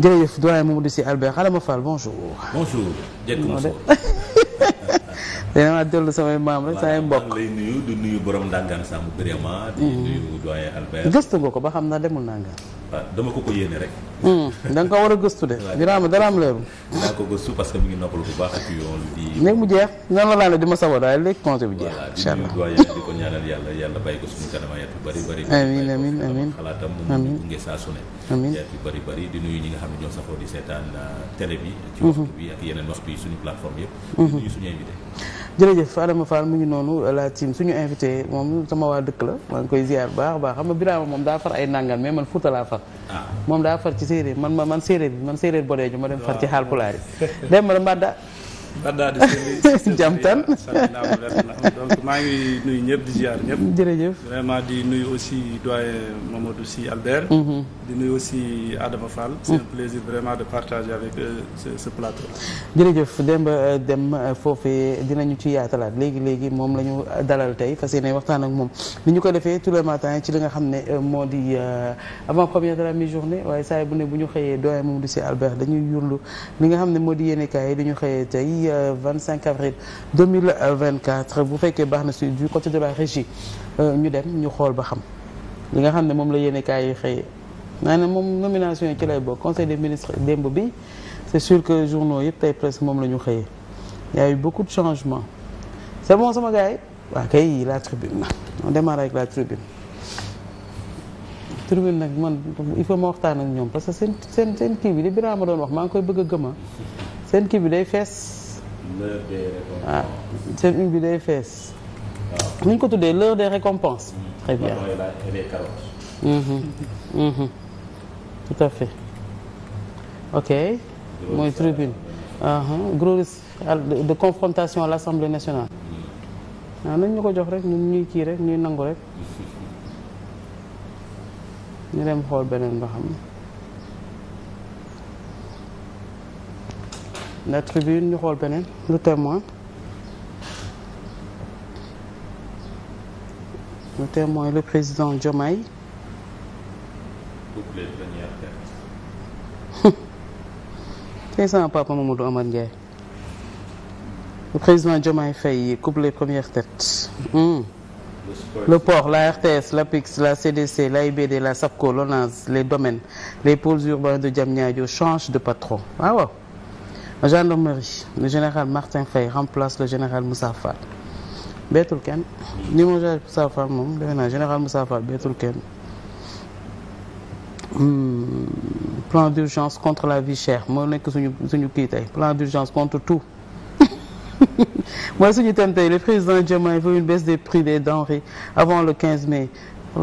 jërëjëf doyen Mamadou Sy Albert Adama Fall bonjour. bonjour jëkk bonjour. dina ma dellu samay maam rek samay mbokk. maa lay vraiment. di nuyu mm-hmm. ko ba xam naa demul ndàngaan. waaw ah, dama ko rek. Hmm. da nga ko war a gëstu de. dina dara am leeru. dinaa ko parce que mi ngi bu néeg mu jeex nan la daanee di ma saboot waaye léegi conseil bu jeex. incha allah voilà di di ko ñaanal yàlla yàlla bàyyi ko suñu kanam ayat yu bëri bëri. amiin mu ngi noonu laa team suñu invité moom sama waa dëkk la maa ngi koy ziar baax baax xam nga Birama moom daa far ay nangal mais man Fouta far ah. moom daa far ci séeréer man man séeréer man séeréer bodeeju ma dem ci xaal pulaar dem ma da baddaadi jam tan donc maa ngi nuyu ñëpp di ziar jërëjëf vraiment di nuyu aussi doyen Mamadou Sy Albert di nuyu aussi Adama Fall c'est un plaisir vraiment de partager avec ce plateau jërëjëf Demba Dem foofee dinañu ci yaatalaat léegi léegi moom la ñu dalal tey fas yéene waxtaan ak moom ni ñu ko defee tous les matins ci li nga xam ne moo di avant première de la mi-journée waaye saa bu ne bu ñu xëyee doyen Mamadou Sy Albert dañuy yurlu li nga xam ne moo di yéene kaay ñu xëyee tey d'ici euh, vingt cinq avril deux mille vingt bu fekkee baax na si du côté de la régie euh, ñu dem ñu xool ba xam li nga xam ne moom la yéene kaay yi xëyee naa ne moom nomination yi ci lay bokk conseil des ministres démb bi c' est que journaux yëpp tey presque moom la ñu xëyee y a eu beaucoup de changements c' est bon sama gars yi waa kay la tribune on nag man il faut ma waxtaan ak ñoom parce que seen seen kii bi li Birama doon wax maa ngi koy bëgg a gëma ah. seen kii bi day fees waaw seen ah, une bi day fees. waaw ko tuddee l'heure de récompenses. très bien mhm. Mhm. tout à fait ok. mooy tribune. Ah, ah. gros risque de confrontation à l'Assemblée nationale. Mm. nañ ñu ko jox rek ñun ñuy kii rek ñuy nangu rek. ñu dem xool beneen ba xam. la tribune ñu xool beneen lu témoin lu témoin le président Diomaye tey sama papa Mamadou Amar Ndiaye le président Diomaye Faye coupe les premières têtes mmh. le port la RTS l'APIX la CDC l'AIBD la SAPCO l'ONAS les domaines les pôles urbains de Diamniadio changent de patron ah ouais. gendarmerie le général Martin Faye remplace le général Moussa Fall beetul kenn ni mo général Moussa Fall moom defe naa général Moussa Fall beetul kenn hmm, plan d'urgence contre la vie chère moo nekk suñu suñu kii tey plan d'urgence contre tout mooy suñu thème tey le président Diomaye veut une baisse des prix des denrées avant le 15 mai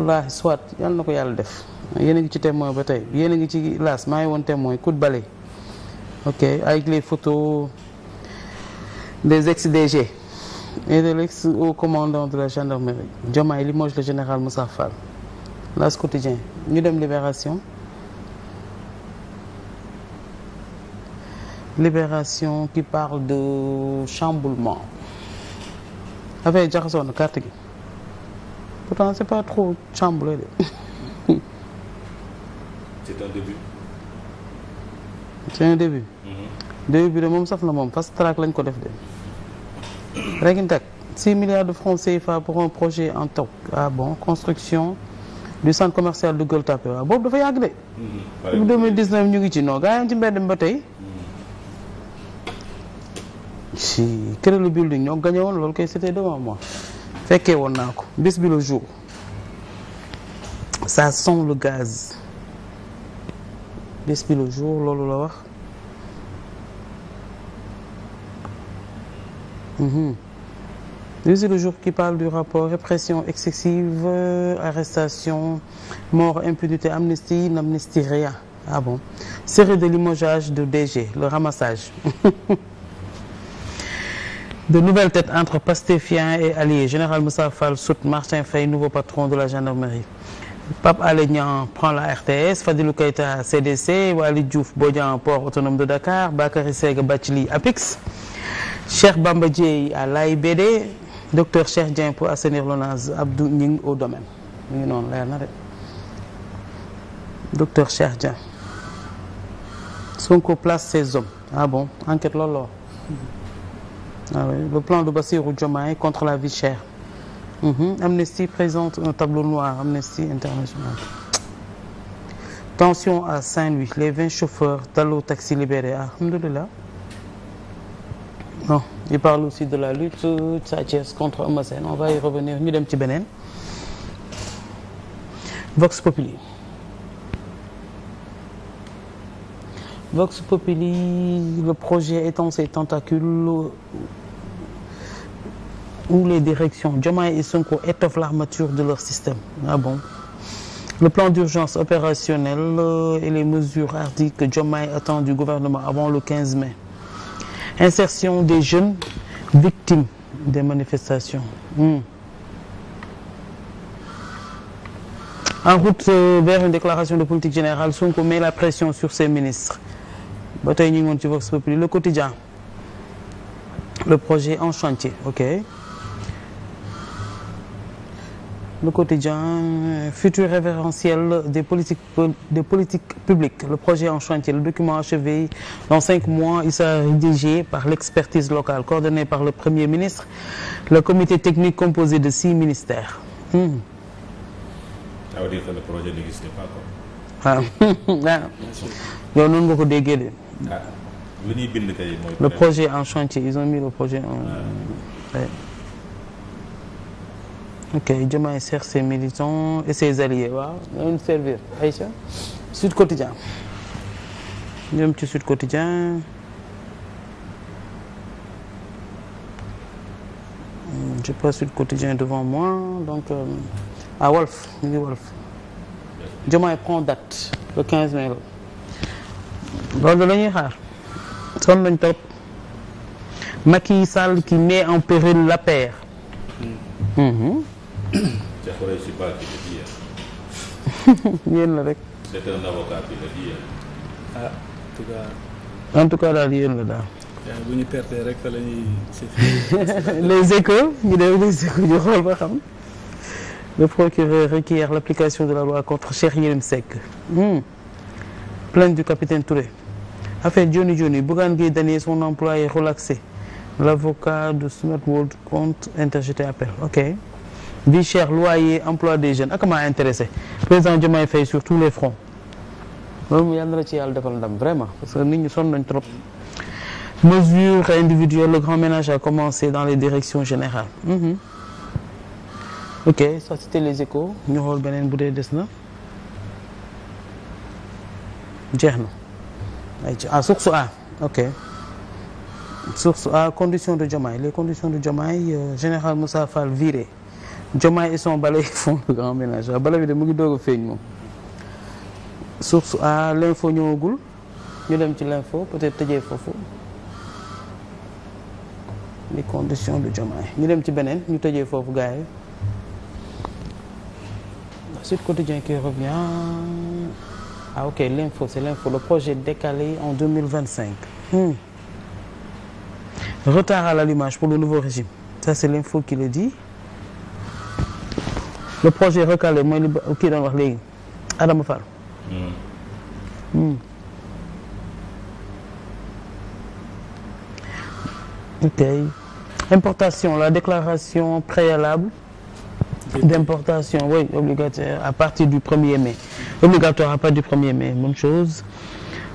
la soit yal na ko yàlla def yéen a ngi ci témoin ba tey yéen a ngi ci laas maa ngi woon témoin coup de ok avec les photos des ex-DG et de l'ex-haut commandant de la gendarmerie Diomaye limoge le général Moussa Fall L'As quotidien ñu dem Libération Libération qui parle de chamboulement affaire jaxasoo na carte gi pourtant c'est pas trop chamboulé de c'est un début c'est un mhm. début. bi de moom saf na moom fast track lañ ko def de. rek intact 6 milliards de francs CFA pour un projet en TOC ah bon construction du centre commercial de Gueule Tapée waaw ah, boobu dafa yàgg de. Mhm. depuis 2019 ñu ngi ci non gaa yi ci mbedd mi ba tey. ci mhm. këralu building ñoo gagné woon loolu koy c'était devant moi fekkee woon naa ko bés bi le jour ça sent gaz. bés le jour loolu la wax bés mhm. bi le jour qui parle du rapport répression excessive arrestation mort impunité amnistie n'amnistie rien ah série de limogeage de DG le ramassage de nouvelles têtes entre pastéfiens et alliés général Moussa Fall saute Martin Faye nouveau patron de la gendarmerie Pape Alé Niang prend la RTS Fadilou Keita CDC Waly Diouf Bodian port autonome de Dakar Bakary Sega Bathily APIX Cheikh Bamba Dièye à l'AIBD docteur Cheikh Dieng pour assainir l'ONAS Abdou Nying au domaine mu ngi noonu leer na Cheikh Dieng Sonko place ses ah bon enquête loolu la ah le plan de Bassirou Diomaye contre la vie chère Mmh. Amnesty présente un tableau noir, Amnesty International. Tension à Saint-Louis, les 20 chauffeurs d'Allo Taxi libérés. Alhamdoulilah. il parle aussi de la lutte de Sathiès contre Eumeu On va y revenir ñu dem ci beneen. Vox Populi. Vox Populi, le projet étend ses tentacules où les directions Diomaye et Sonko étoffent l'armature de leur système ah le plan d'urgence opérationnel euh, et les mesures hardies que Diomaye attend du gouvernement avant le 15 mai insertion des jeunes victimes des manifestations hmm. en route euh, vers une déclaration de politique générale Sonko met la pression sur ses ministres ba tey ñu ngi le quotidien le projet en chantier ok le quotidien euh, futur référentiel des politiques des politiques publiques le projet en chantier le document achevé dans cinq mois il sera rédigé par l'expertise locale coordonnée par le premier ministre le comité technique composé de six ministères. Hum. le projet n'existe pas quoi. waaw ah. ah. ko déggee de. Ah. lu projet en chantier ils ont mis le projet en. Ouais. ok Diomaye cherche ses militants et ses alliés waaw ñooñu servir Aïcha Sud Quotidien ñoom ci Sud Quotidien hmm, j'ai pas Sud Quotidien devant moi donc euh, à Walf ñu ngi Walf Diomaye prend date le 15 mai la loolu la ñuy xaar sonn nañ trop Macky Sall qui met en péril la paire. Mmh. Hmm, hmm. ca Khoureychi la rek. c'est un ah, en tout cas. en tout cas daal yéen la daal. Eh, les échos les échos ñu xool ba xam. le procureur requiert l'application de la loi contre Cheikh Yérim Seck. Hmm. du capitaine Touré. affaire Diony Diony Bougane Gueye Dany et son employé relaxé l'avocat de Smart World compte interjeter appel ok. vie chère loyer emploi des jeunes ak maa intéressé président Diomaye Faye sur les fronts loolu mu yàlla na ci yàlla defal vraiment parce que nit ñi sonn nañ trop mesures le grand ménage a commencé dans les directions générales mm -hmm. ok ça c'était les échos ñu beneen bu dee des na jeex na ay ah source A ok source A conditions de Diomaye les conditions de Diomaye euh, général musa Fall vire Diomaye ils sont balayés font le grand ménage waaw bala bi de mu ngi doog a feeñ moom source a l'info ñëwagul ñu dem ci l'info peut-être tëjee foofu les conditions de Diomaye ñu dem ci beneen ñu tëjee foofu gars yi Sud Quotidien qui revient ah ok l'info c'est l'info le projet décalé en 2025 hmm. retard à l'allumage pour le nouveau régime ça c'est l'info le dit le projet recalé mooy li kii doon wax léegi Adama Fall. Hmm. Hmm. ok importation la déclaration préalable. d'importation oui obligatoire à partir du 1er mai obligatoire à partir du 1 mai même chose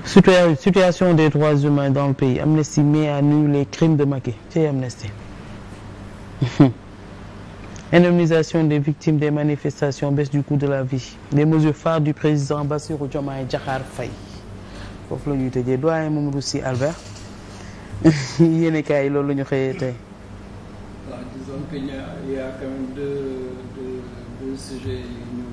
situation des droits humains dans le pays Amnesty met à nu les crimes de Macky c'est Amnesty indemnisation des victimes des manifestations baisse du coût de la vie les mesures phares du président Bassirou Diomaye Diakhar Faye foofu la ñuy tëjee doyen loolu la ñu xëyee a y a quand même deux deux deux sujets yu ñu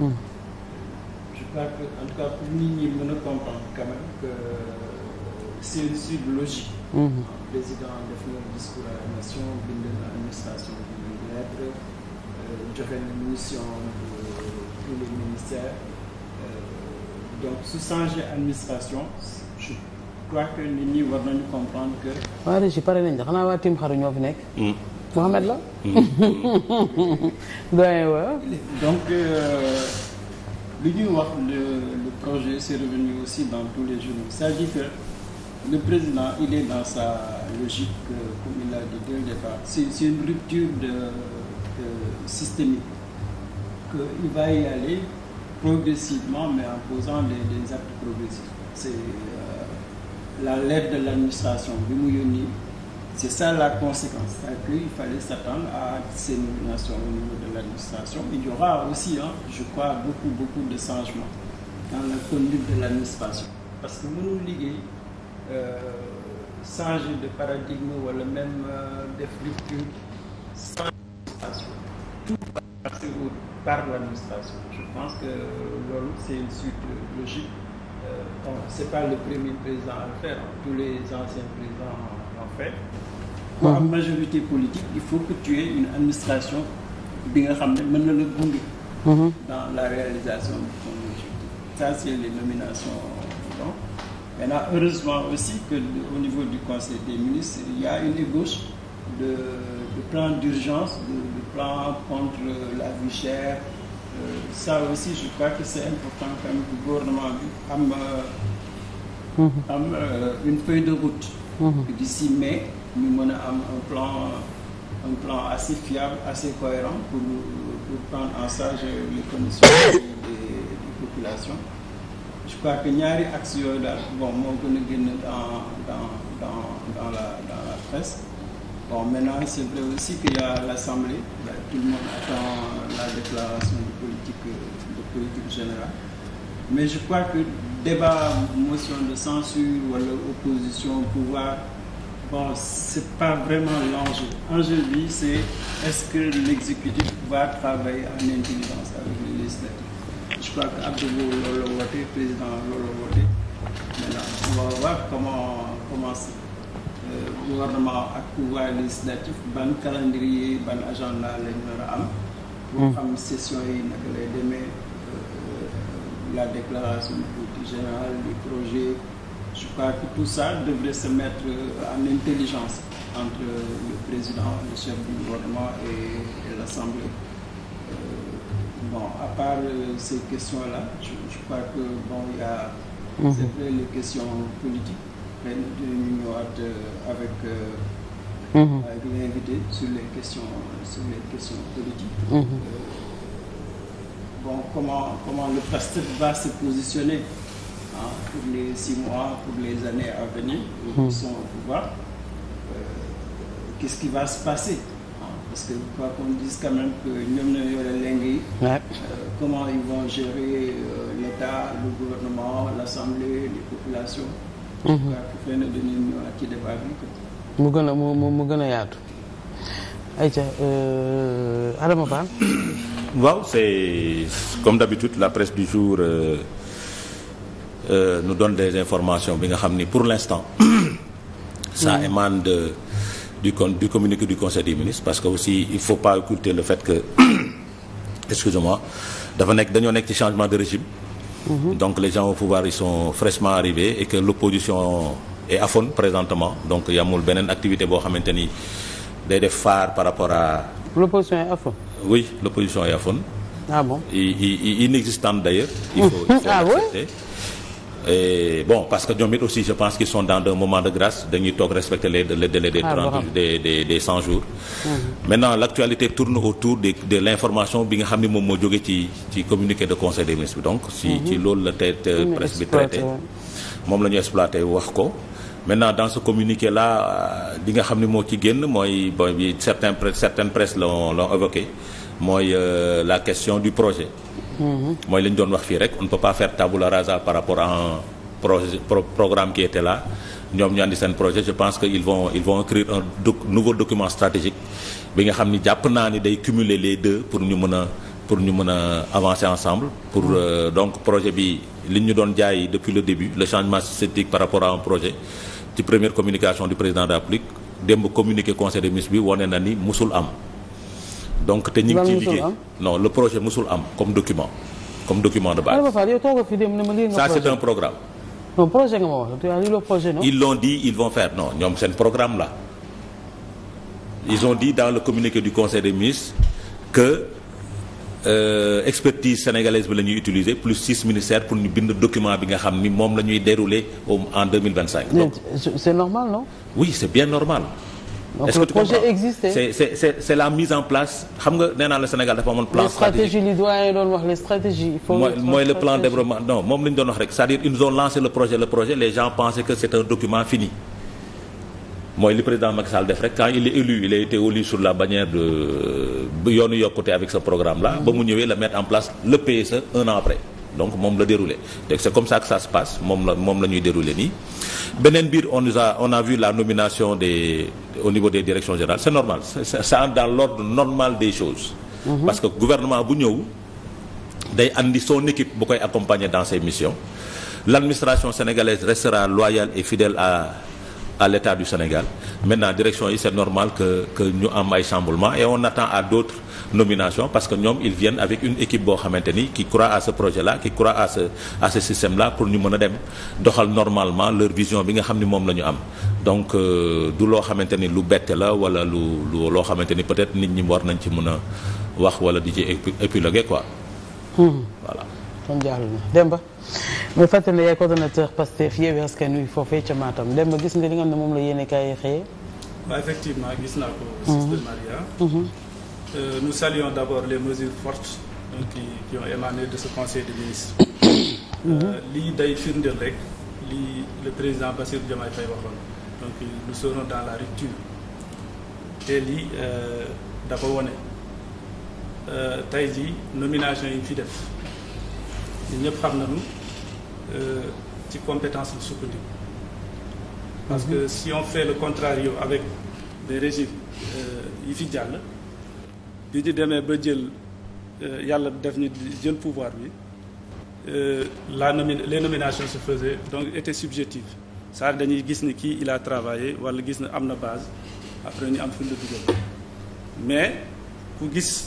euh, euh, cas en tout pour nit ñi mën a comprendre quand même que euh, c'est une suite mhm. président def na discours à la nation bind na administration bi une lettre joxe na mission pour les ministères euh, donc su changer administration je crois que nit ñi war comprendre que. waa Régis pare nañ de xanaa waa Tim Xaru ñoo fi nekk. Mm. Mohamed la. Mm. donc. Euh, lu ñuy wax le projet c'est revenu aussi dans tous les journaux c'est-à-dire que le président il est dans sa logique euh, comme il l'a dit dès le départ c'est une rupture de, de systémique que il va y aller progressivement mais en posant des les actes progressifs c'est euh, la lettre de l'administration bi mu yónni C'est ça la conséquence. Il fallait s'attendre à ces nominations au niveau de l'administration. Il y aura aussi, je crois, beaucoup, de changements dans la conduite de l'administration. Parce que nous, nous liguons, euh, changer de paradigme ou même euh, des structures sans administration. Tout passer par l'administration. Je pense que c'est une suite logique. Euh, pas le premier président à le faire. Tous les anciens présidents fait. pour mhm. am majorité politique il faut que tu aies une administration bi nga xam ne mën na la gunge. Mhm. dans la réalisation de ton objectif. c'est les nominations donc maintenant heureusement aussi que au niveau du conseil des ministres il y a une ébauche de de plan d'urgence de, plan contre la vie chère euh, ça aussi je crois que c'est important quand même que gouvernement bi am. Euh, mhm. euh, une feuille de route. d'ici mai ñu mën a am un plan un plan assez fiable assez cohérent pour pour prendre en charge les conditions des, des populations je crois que ñaari axe yooyu daal bon moo gën a génn dans dans dans dans la dans presse bon maintenant c'est vrai aussi qu'il y a l'Assemblée tout le monde attend la déclaration de politique de politique générale mais je crois que débat motion de censure wala opposition pouvoir bon c'est pas vraiment l'enjeu enjeu bi c'est est-ce que l'exécutif va travailler en intelligence avec le législatif je crois que Abdou loolu la woote président loolu la woote maintenant on va voir comment comment euh, gouvernement ak pouvoir législatif ban calendrier ban agenda lañ nar a am boo hmm. xam session yi naka lay demee euh, la déclaration directrice du projet. Je crois que tout ça devrait se mettre en intelligence entre le président, le chef du gouvernement et, l'Assemblée. Euh, à part euh, ces questions-là, je, je, crois que il y a mm les questions politiques. Nous avec, euh, mhm. avec l'invité sur les questions politiques. Mhm. Euh, comment le pasteur va se positionner pour les six mois, pour les années à venir mmh. sont au pouvoir, euh, qu'est-ce qui va se passer Parce que quoi qu'on dise quand même que nous euh, comment ils vont gérer euh, l'État, le gouvernement, l'Assemblée, les populations. Hmm. mu gën a mu mu gën a yaatu. ayca euh, Adama Ba. waaw c'est comme d'habitude la presse du jour. euh, nous donne des informations bi nga xam ni pour l'instant ça mmh. émane de du du communiqué du conseil des ministres parce que aussi il faut pas occulter le fait que excusez dafa nekk dañoo nekk ci changement de régime mm-hmm. donc les gens au pouvoir ils sont fraîchement arrivés et que l'opposition est à présentement donc yamul beneen activité boo xamante ni day def phare par rapport à l'opposition est à fond ah inexistante d'ailleurs il faut, il ah et bon parce que ñoom it aussi je pense qu'ils sont dans un moment de grâce dañuy toog respecter les les délais des ah, trente des des cent jours mm-hmm. maintenant l'actualité tourne autour de de l'information bi nga xam ne moom moo jóge ci ci communiqué de conseil des ministres bi donc si mm-hmm. ci loolu la tey euh, presse bi traité moom la ñu exploité wax ko maintenant dans ce communiqué la li nga xam ne moo ci génn mooy bon certains certaines presse l'ont l'ont évoqué mooy euh, la question du projet mooy lañ doon wax fii rek on ne peut pas faire tabula rasa par rapport à un projet pro, programme qui était ñoom ñu di seen projet je pense que ils vont ils vont écrire un doc, nouveau document stratégique bi nga xam ni jàpp naa ni day cumuler les deux pour ñu mën a pour ñu mën a avancer ensemble pour mm. euh, donc projet bi li ñu doon jaay depuis le début le changement systémique par rapport à un projet ci première communication du président de la République démb communiqué conseil de ministres bi wane na ni musul am donc te ñu ngi ciy liggéey non le projet mosul am comme document comme document de base. ça c'est un programme. non projet nga ma wax tu projet non. ils l'ont dit ils vont faire non ñoom seen programme la ils ont dit dans le communiqué du conseil des ministres que euh, expertise sénégalaise bi la ñuy utiliser plus six ministères pour ñu bind document bi nga xam ni moom la ñuy dérouler au en deux mille vingt cinq. donc c'est normal non. oui c'est bien normal. donc est-ce le que projet existait c'est c'est c'est la mise en place xam nga nee naa la Sénégal dafa amoon plan stratégique li doyen doon wax le plan développement non moom la ñu doon wax rek c'est-à-dire ils ont lancé le projet le projet les gens pensaient que c'est un document fini. mooy li président Macky Sall def rek quand il est élu il a été élu sur la bannière de euh, yoonu yokkute avec ce programme la ba mu ñëwee la mettre en place le PSE un an après. donc moom la dérouler c'est comme ça que ça se passe moom la moom la ñuy déroulé nii beneen biir on a on a vu la nomination des au niveau des directions générales c'est normal ça dans l'ordre normal des choses mmh. parce que gouvernement bu ñëw day andi soo équipe bu koy accompagner dans ses missions l'administration sénégalaise restera loyale et fidèle à à l'État du Sénégal maintenant direction yi c'est normal que ñu am ay chamboulement et on attend à d'autres nomination parce que ñoom ils viennent avec une équipe boo xamante ni qui croit a ce projet là qui croit a ce système là pour ñu mën a dem doxal normalement leur vision bi nga xam ni moom la am donc euh, du loo xamante ni lu bette la wala lu loo xamante ni peut-être nit ñi war nañ ci mën a wax wala di ci épiloguer quoi hmm. voilà kon jàll na Demba mooy fàttali ne yaay coordonnateur Pastef Yewwi Askan Wi ca Matam Demba gis nga li nga xam ne moom la yéene kaay xëyee waaw Euh, nu salion saluons d'abord les mesures fortes qui, qui ont émané de ce conseil des ministres. Mhm. Euh, lii day firndeel rek lii le président Bassirou Diomaye Faye waxoon donc nous serons dans la rupture te lii euh, dafa wone tey ji nomination yi fi def ñun ñëpp xam nañu ci compétence lu sukkandiku parce mhm. que si on fait le contrario avec des régimes yi fi jàll bi ñu demee ba jël euh, yàlla def ñu jël pouvoir bi euh, la nomi les nominations se faisaient donc étaient subjectives saa dañuy gis ni kii il a travaillé wala gis na am na base après ñu am fi dugal mais ku gis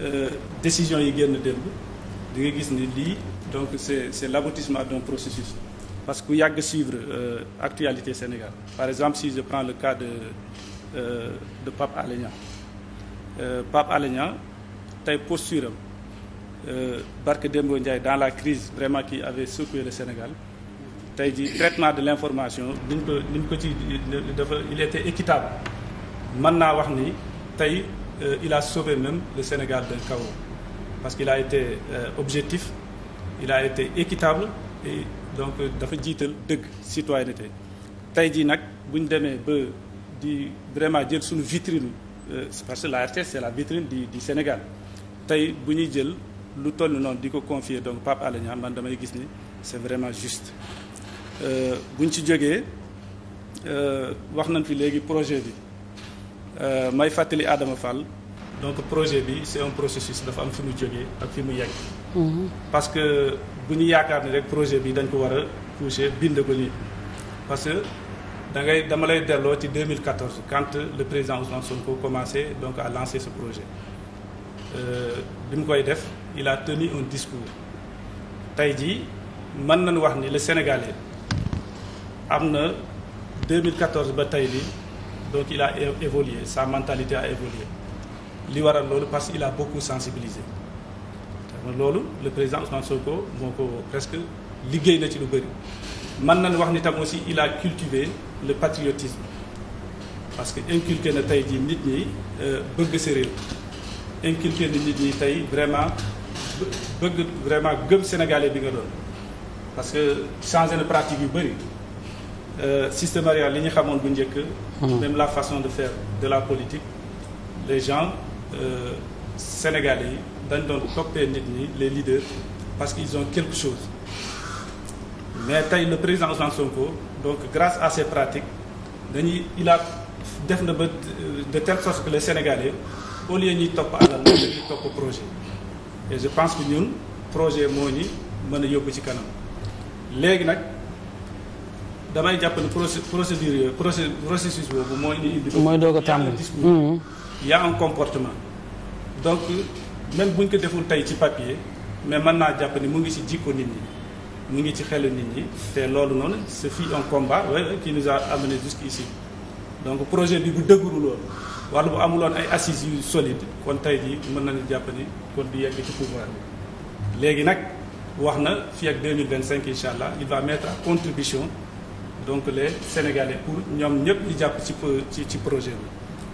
euh, décision yi génn démb di nga gis ni lii donc c'est c'est l'aboutissement d'un processus parce que ku yàgg suivre actualité Sénégal par exemple si je prends le cas de euh, de Pape Alé Niang Euh, Pape Alé Niang tey posture am euh, Barke Dembo Ndiaye dans la crise vraiment qui avait secoué le Sénégal tey ji traitement de l'information ni ñu ko ni ñu ko ci dafa il était équitable man naa wax ni tey euh, il a sauvé même le Sénégal d'un kaw parce qu'il a été objectif il a été équitable donc dafa jiital dëgg citoyenneté tey jii nag bu ñu demee ba di vraiment jël suñu vitrine Euh, parce que la RTS c'est la vitrine du du Sénégal tey bu ñuy jël lu toll noonu di ko confier donc Pape Alé Niang man damay gis ni c'est vraiment juste euh, buñ ci jógee euh, wax nañ fi léegi projet bi may fàttali Adama Fall donc projet bi c'est un processus dafa am fi mu jógee ak fi mu yegg mhm. parce que bu ñu yaakaar ni rek projet bi dañ ko war a pousser bind ko nii parce que da dama lay delloo ci 2014 quand le président Ousmane Sonko commencé donc à lancer ce projet euh, bi mu koy def il a tenu un discours tey jii mën nañu wax ni le sénégalais am na 2014 ba tey bi donc il a évolué sa mentalité a évolué li waral loolu parce que il a beaucoup sensibilisé loolu le président Ousmane Sonko moo ko presque liggéey na ci lu bëri mën nañu wax ni tam aussi il a cultivé le patriotisme parce que inculqué na tey jii nit ñi euh, bëgg sa réew inculqué na nit ñi tey vraiment bëgg vraiment gëm sénégalais bi nga doon parce que changé na pratique yu bëri euh, systématiquement li ñu xamoon bu njëkk hmm. même la façon de faire de la politique les gens euh, sénégalais yi dañ doon toppee nit ñi les leaders parce que qu'ils ont quelque chose mais tey le président Ousmane Sonko donc grâce à ces pratiques dañuy il def na ba euh, de telle sorte que les Sénégalais au ñuy topp alal dañuy topp projet et je pense que ñun projet moo ñi mën a yóbbu ci kanam léegi nag damay jàpp ne procédure yooyu processus boobu moo ñu indi. mooy doog a tàmbali discours mm-hmm. y a un comportement donc même buñ ko deful tey ci papier mais mën naa jàpp ni mu ngi ci jikko nit ñi. mu ngi ci xelu nit ñi te loolu noonu ce fi en combat qui nous a amené jusqu'ici donc projet bi bu dëgguru loolu wala bu amuloon ay assises yu solide kon tey jii mën nañu jàpp ni kon du yegg ci pouvoir bi léegi nag wax na fii ak 2025 incha allah il va mettre contribution donc les sénégalais pour ñoom ñëpp di jàpp ci ci ci projet bi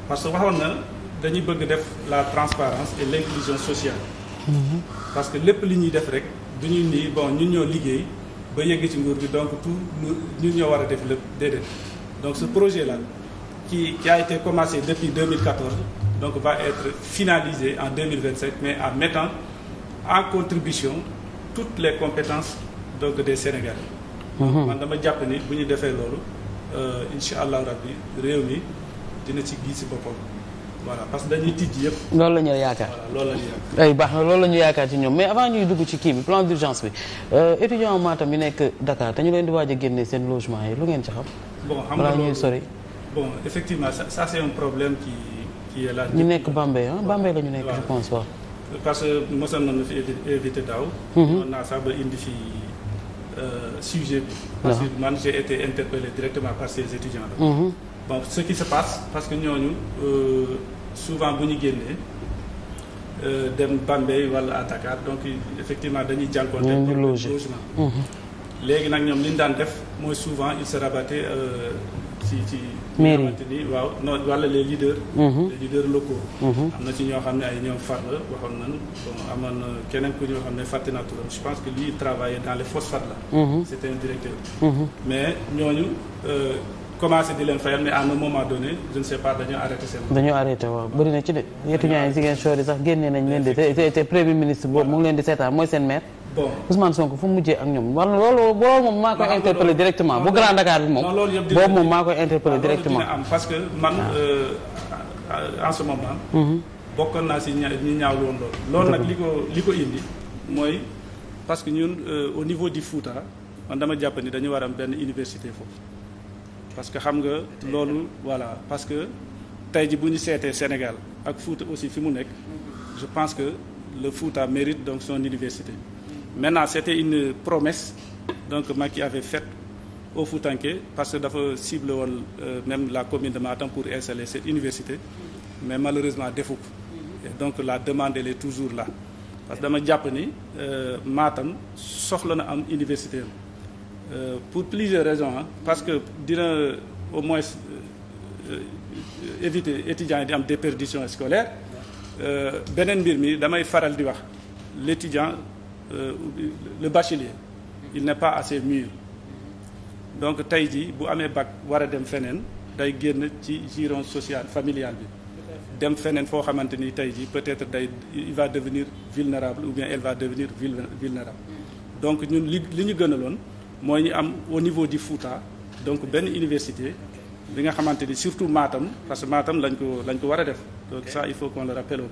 parce que waxoon na dañuy bëgg def la transparence et l'inclusion sociale mm-hmm. parce que lépp li ñuy def rek du ñu nii bon ñu ñoo liggéey ba yegg ci nguur gi donc tout ñun ñoo war a def lépp déedéet donc ce projet là qui qui a été commencé depuis 2014 donc va être finalisé en 2027 mais en mettant en contribution toutes les compétences donc des Sénégalais. Mm-hmm. man dama jàpp ni bu ñu defee loolu euh, incha allah rabbi réew mi dina ci gis si boppam. voilà parce que dañuy tijji yëpp. loolu la ñu yaakaar loolu la ñu ay baax na loolu la ñu yaakaar ci ñoom mais avant ñuy dugg ci kii bi plan d'urgence bi euh, étudiants Matam yi nekk Dakar te ñu leen di waaj a génne seen logement yi lu ngeen ci xam. bon xam nga ñuy sori. bon effectivement ça, ça c'est un problème qui qui est là. ñu nekk Bambey ah Bambey la ñu nekk je pense waaw. parce que mosoon nañu fi éviter daaw. mën mhm. naa sax ba indi fi euh, sujet bi. parce ah. que man j'ai directement par ces bon ce qui se passe parce que ñooñu euh, souvent bu ñu génnee euh, dem Bambey wala à Dakar donc effectivement dañuy jànkoonte pour logement mhm. léegi nag ñoom li ñu daan def mooy souvent il se rabattait euh, ci ci xamante ni waaw non wala les leaders mhm. les leaders locaux mhm. am na ci ñoo xam ne ay ñoom far la na nañu bon amoon na keneen ku ñoo xam ne fàtte naa je pense que lui travaillait dans les phosphates là c'était un directeur mais ñooñu commencé di leen fayal mais à un moment donné je ne sais pas dañoo arrêté seen. dañoo arrêté waaw bëri na ci de. étudiants yi sax génne nañ leen di seetaan mooy seen maire. bon moom maa koy interpellé directement bu Grand Dakar moom. boobu moom maa koy interpellé directement. parce que man ah. euh, en mhm. bokkoon naa si ña ñi ñaawlu woon loolu. loolu nag li ko li ko indi mooy parce que ñun euh, au niveau du Fouta man dama jàpp ni dañu war am benn université foofu. parce que xam nga loolu voilà parce que tey ji bu ñu seetee Sénégal ak Fouta aussi fi mu nekk je pense que le Fouta mérite donc son université maintenant c'était une promesse donc Macky avait faite au Foutanké parce que dafa cible woon euh, même la commune de Matam pour installer cette université mais malheureusement defu ko donc la demande elle toujours la parce que dama jàpp ni euh, Matam soxla na am université euh, pour plusieurs raisons parce que dina euh, au moins euh, euh, éviter étudiants yi di am déperdition scolaire beneen mbir mi damay faral di wax l' étudiant le bachelier il n' est pas assez mûr donc tey jii bu amee bac war a dem feneen day génn ci giron sociale familiale bi dem feneen foo xamante ni tey jii peut-être day il va devenir vulnérable ou bien elle va devenir vulnérable donc ñun li li ñu gënaloon mooy ñu am au niveau du Fouta donc benn université bi nga xamante ni surtout maatam parce que maatam lañ ko lañ ko war a def donc ça il faut qu'on le rappelle aux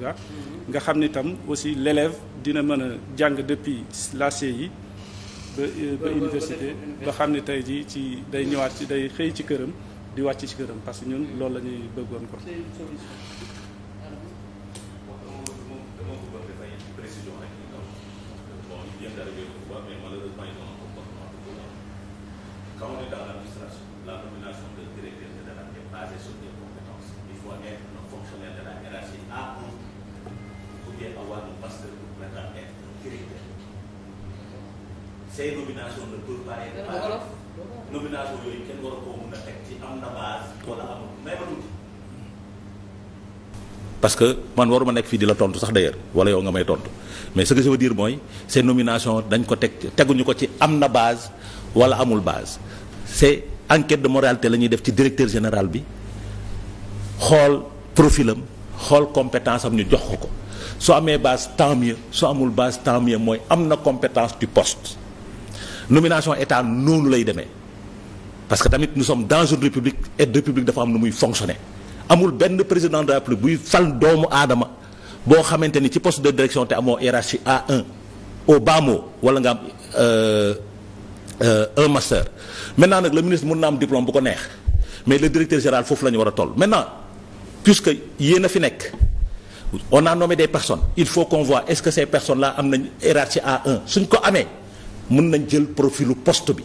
nga xam ni tam aussi l'élève dina mën a jàng depuis la CI ba euh, ba université ba xam ne tey jii ci day ñëwaat ci day xëy ci këram di wàcc ci këram parce que ñun loolu la ñuy bëggoon ko parce que man waruma nekk fii di la tontu sax d'ailleurs wala yow nga may tontu mais ce que je veux mooy ces nominations dañ ko teg teguñu ko ci am na base wala amul base c'est enquête de moralité la ñuy def ci directeur général bi xool profil xool compétence am ñu jox ko ko amee base tant mieux amul base tant mooy am na compétence du poste. nomination état noonu lay demee parce que tamit nous sommes dans une république et république dafa am nu muy fonctionner amul benn président de la république buy fal doomu aadama boo xamante ni ci poste de direction te amoo hiérarchie A1 au bas wala nga am euh, euh, un master maintenant nag le ministre mën na am diplôme bu ko neex mais le directeur général foofu la ñu war a toll maintenant puisque yéen a fi nekk on a nommé des personne il faut qu'on est-ce que ces am nañ hiérarchie suñ ko amee mën nañ jël profilu post bi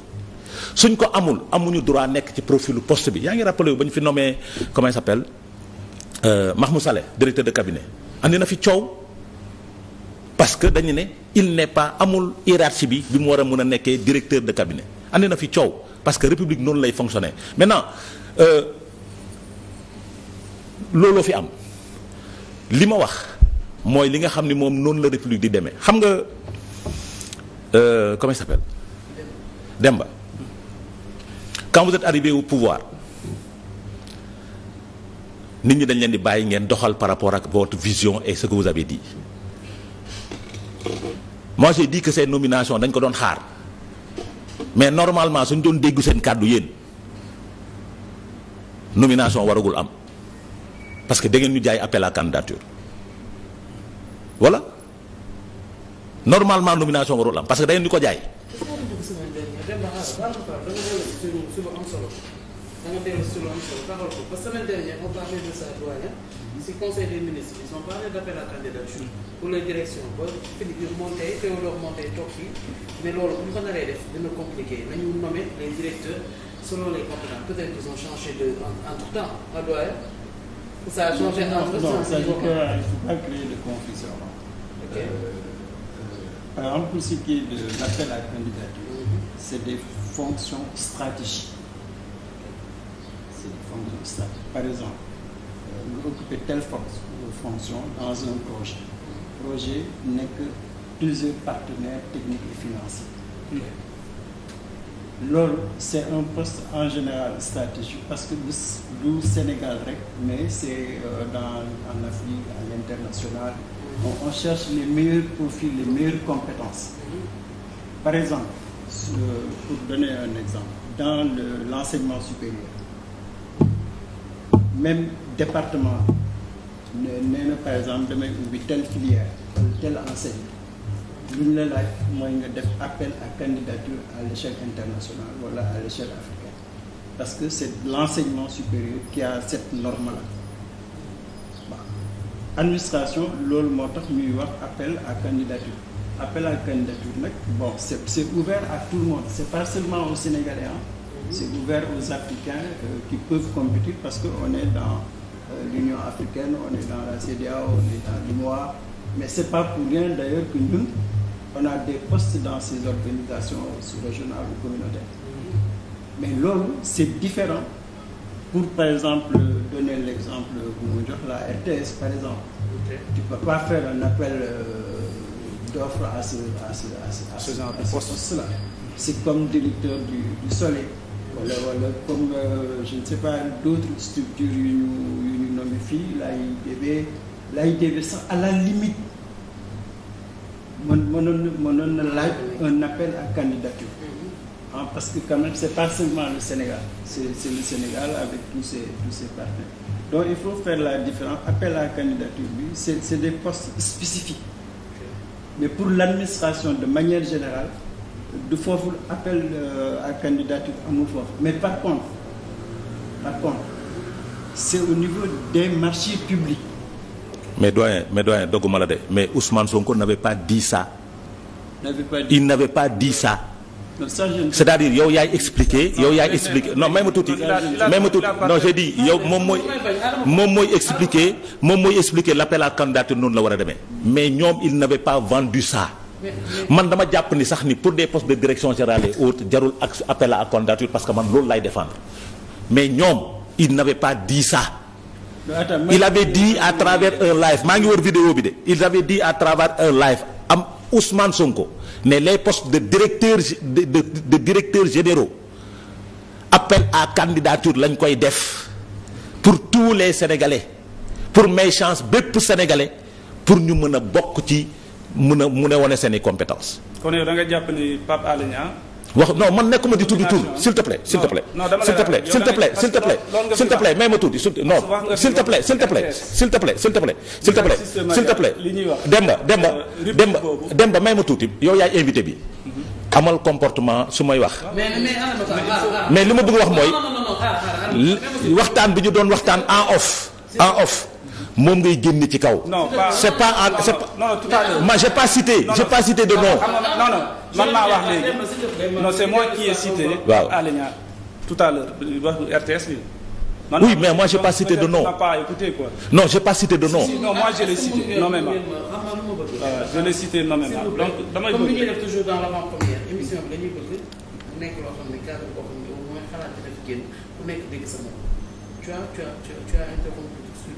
suñ ko amul amuñu droit nekk ci profilu post bi yaa ngi rappelé ba ñu fi nommé comment il s'appelle euh, Mahmoud Saleh directeur de cabinet andi na fi coow parce que dañu ne il n'est pas amul hiérarchie bi bi mu war a mën a nekkee directeur de cabinet andi na fi coow parce que république noonu lay fonctionner maintenant euh, looloo fi am li ma wax mooy li nga xam ni moom noonu la république di demee xam nga. euh, comment il s'appelle Demba quand vous êtes arrivé au pouvoir nit ñi dañ leen di bàyyi ngeen doxal par rapport ak votre vision et ce que vous avez dit moi j'ai dit que ces dañ ko doon xaar mais normalement suñ doon déggu seen kàddu yéen nomination waragul am parce que da ngeen ñu jaay appel à candidature voilà normalement nomination warul am parce que da ngeen di ko jaay. si conseil des ministres ils ont parlé candidature pour les directions ba Philippe Montey Théodore Montey toog fii mais loolu bu ñu ko naree def dina compliqué nañu nommer les directeurs selon les compétences peut-être qu'ils ont changé de entre temps a changé entre temps de confusion ok Par exemple, pour ce qui est de l'appel à candidature, c'est des fonctions stratégiques. Par exemple, euh, occuper telle fonction dans un projet. projet n'est que plusieurs partenaires techniques et financiers. loolu c' est un poste en général stratégique parce que du Sénégal rek mais c' est euh, dans en à l' on, on cherche les meilleurs profils, les meilleures compétences. Par exemple, pour donner un exemple, dans l'enseignement le, supérieur, même département nee na par exemple damay ubbi telle filière wala telle enseigne lu ñu la laaj mooy nga def appel à candidature à l'échelle internationale wala à l'échelle africaine parce que c'est l'enseignement supérieur qui a cette norme-là administration loolu moo tax ñuy wax appel à candidature appel à candidature nag bon c'est c'est ouvert à tout le monde c'est pas seulement aux Sénégalais hein c'est ouvert aux Africains euh, qui peuvent compétir parce que on est dans euh, l'Union africaine on est dans la CEDEAO on est dans l'UMOA mais c'est pas pour rien d'ailleurs que ñun on a des postes dans ces organisations sous-régionales ou communautaires mais loolu c'est différent pour par exemple donner l'exemple bu jox la RTS par exemple okay. tu peux pas faire un appel euh, d'offre à ce à ce à ce à comme directeur du soleil wala wala comme euh, je ne sais pas d'autres structures yu ñu yu ñu nommé fii l'AIBD l'AIBD sax à la limite mën mënoon mënoon na laaj un appel à candidature avant, parce que quand même, c'est pas seulement le Sénégal, c'est le Sénégal avec tous ses, tous Donc il faut faire la différence. Appel à la candidature, oui, c'est des postes spécifiques. Mais pour l'administration, de manière générale, de fois vous appel euh, à la candidature à mouvement. Mais par contre, par contre, c'est au niveau des marchés publics. Mais doyen, mais doyen, mais Ousmane Sonko n'avait pas dit ça. Pas dit. Il n'avait pas dit ça. c'est-à-dire yow yaay expliquer yow yaay expliquer non may ma tuuti may ma tuuti non j'ai dit moom mooy moom mooy expliquer moom mooy expliquer l'appel à candidature noonu la war a demee mais ñoom il n'avait pas vendu ça man dama jàpp ni sax ni pour des postes de direction générale et autres jarul ak appel à candidature parce que man loolu laay défendre mais ñoom il n'avait pas dit ça il avait di à travers un live maa ngi wër vidéo bi de il avait di à travers un live am Ousmane Sonko mais les postes de directeur de, de, de directeurs généraux appel à candidature lañ koy def pour tous les sénégalais pour may chance bépp sénégalais pour ñu mën a bokk ci mun a mën a wane seen i compétences. kon yow da jàpp ni Pape Alé wax non man nekkuma di tudd tur s'il te plaît s'il te plaît s'il te plaît s'il te plaît s'il te plaît s'il te plaît may ma tudd non s'il te plaît s'il te plaît s'il te plaît s'il te plaît s'il te plaît s'il Demba Demba Demba Demba may ma tuuti yow yaay invité bi amal comportement su may wax mais li ma bëgg wax mooy waxtaan bi ñu doon waxtaan en off en off moom ngay génne ci kaw. non pas c'est pas en c'est pas. non tout à l'heure ma j'ai de nom. non non man maa wax léegi. non c'est moi qui ai cité. waaw Alenia tout à l'heure wax de nom. non j'ai pas cité de nom. non moi je l'ai cité nommément. je l'ai cité nommément donc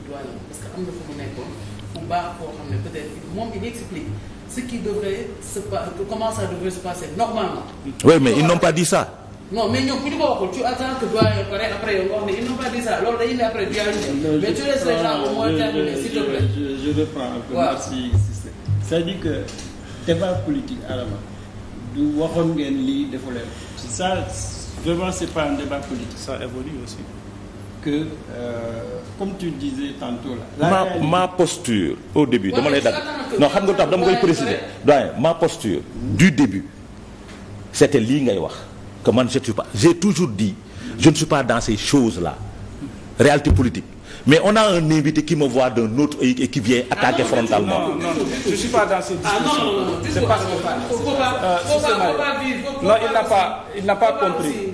doyen parce que am na fu mu nekkoon bu baax koo xam ne peut-être moom il explique ce qui devrait se pa comment ça devrait se passer normalement. oui mais ils n'ont pas dit ça. non mais ñoom bu ñu ko waxul tu attends que doyen pare après yow wax ne ils n'ont pas dit ça loolu day indi après du yàlla mais tu laisses les gens au moins terminer s'il te plaît. je je reprends un peu. waaw merci cest que débat politique alama du waxoon ngeen lii defu leen. ça vraiment c'est pas un débat politique. ça évolue aussi. que euh, comme tu disais tantôt ma ma posture au début dama lay dagg non xam nga tax dama koy préciser doyen ma posture du début c'était li ngay wax que man je ne suis pas j'ai toujours dit je ne suis pas dans ces choses là réalité politique mais on a un invité qui me voit d'un autre et qui vient ah attaquer frontalement. Non, non, suis pas dans ces ah discussions. c'est pas ce qu'on euh, Non, il n'a pas compris.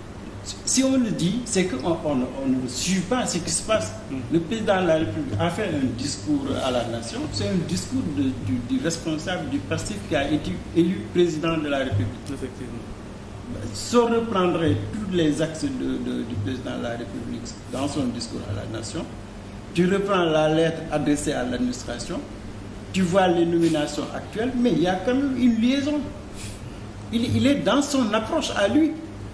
si on le dit, c'est qu'on on, ne suit pas ce qui se passe. Mm. Le président de la République a fait un discours à la nation. C'est un discours de, du, du, responsable du passif qui a élu président de la République. Effectivement. Se reprendrait tous les axes du président de la République dans son discours à la nation. Tu reprends la adressée à l'administration. Tu vois les nominations actuelles, mais il y a quand une liaison. il est dans son approche à lui.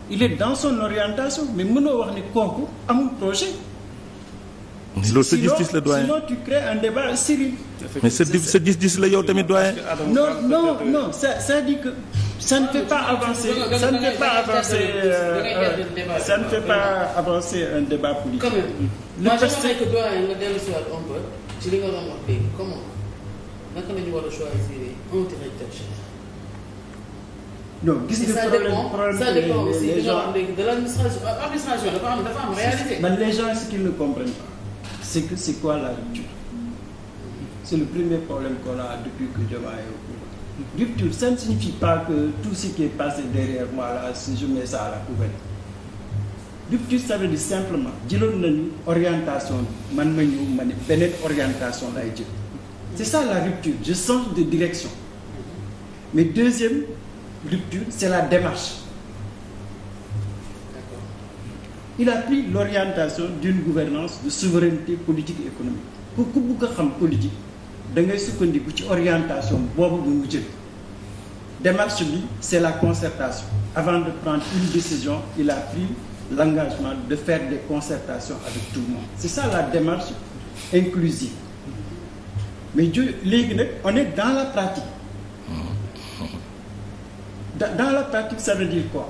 il est dans son orientation mais mënoo wax ni kooku amul projet. loolu sa gis-gis la doyen sinon tu crées un débat stérile. mais sa sa gis-gis la yow tamit doyen. non non euh, non ça ça dit que. ça ne fait pas avancer un débat politique. quand même moi j'aimerais que doyen nga dellu si waat un peu ci li nga doon wax léegi comment naka la ñu war a choisir un non gis nga problème ça dépend aussi de l'administration administration dafa am dafa am réalité. man les gens ce qu'ils ne comprennent pas c'est que c'est quoi la rupture c'est le premier problème qu'on a depuis que Diomaye est au pouvoir rupture ça ne signifie pas que tout ce qui est passé derrière moi là si je mets ça à la poubelle rupture ça veut dire simplement jëloon nañu orientation bi man ma ñëw ma ne beneen orientation lay jël c'est ça la rupture je change de direction mais deuxième rupture, c'est la démarche. il a pris l'orientation d'une gouvernance de souveraineté politique et économique ku ku bugg a xam politique da ngay sukkandiku ci orientation boobu bu mu jël démarche bi c'est la concertation avant de prendre une décision il a pris l'engagement de faire des concertations avec tout le monde c'est ça la démarche inclusive mais léegi nag on est dans la pratique dans la pratique ça veut dire quoi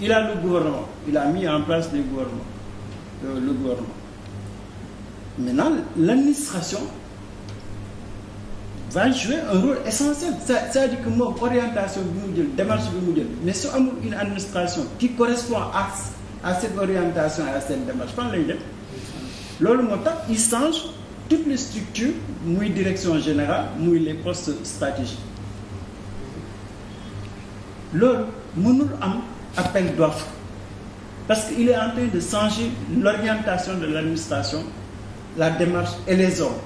il a le gouvernement il a mis en place le gouvernement euh, le gouvernement maintenant l'administration va jouer un rôle essentiel c'est-à-dire que moom orientation bi mu jël démarche bi mu jël mais su amul une administration qui correspond à à cette orientation et à cette démarche fan lañu dem loolu moo tax il change toutes les structures muy direction générale muy les postes stratégiques loolu mënul am appel d'offre parce que il est en train de changer l'orientation de l'administration la démarche et les hommes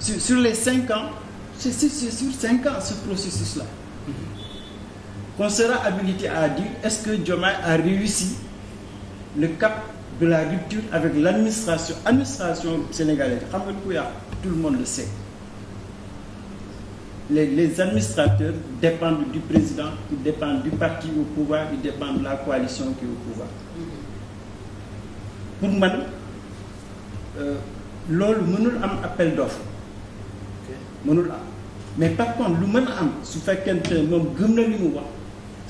okay. sur, les cinq ans c'est sur cinq ans ce processus là mm -hmm. qu'on à dire est-ce que Diomaye a réussi le cap de la rupture avec l'administration administration sénégalaise xam nga ku yàq tout le monde le sait les, les administrateurs dépendent du président, ils dépendent du parti au pouvoir, ils dépendent de la coalition qui est au pouvoir. pour man euh, loolu mënul am appel d'offre mënul am mais par contre lu mën am su fekkente moom gëm na li mu wax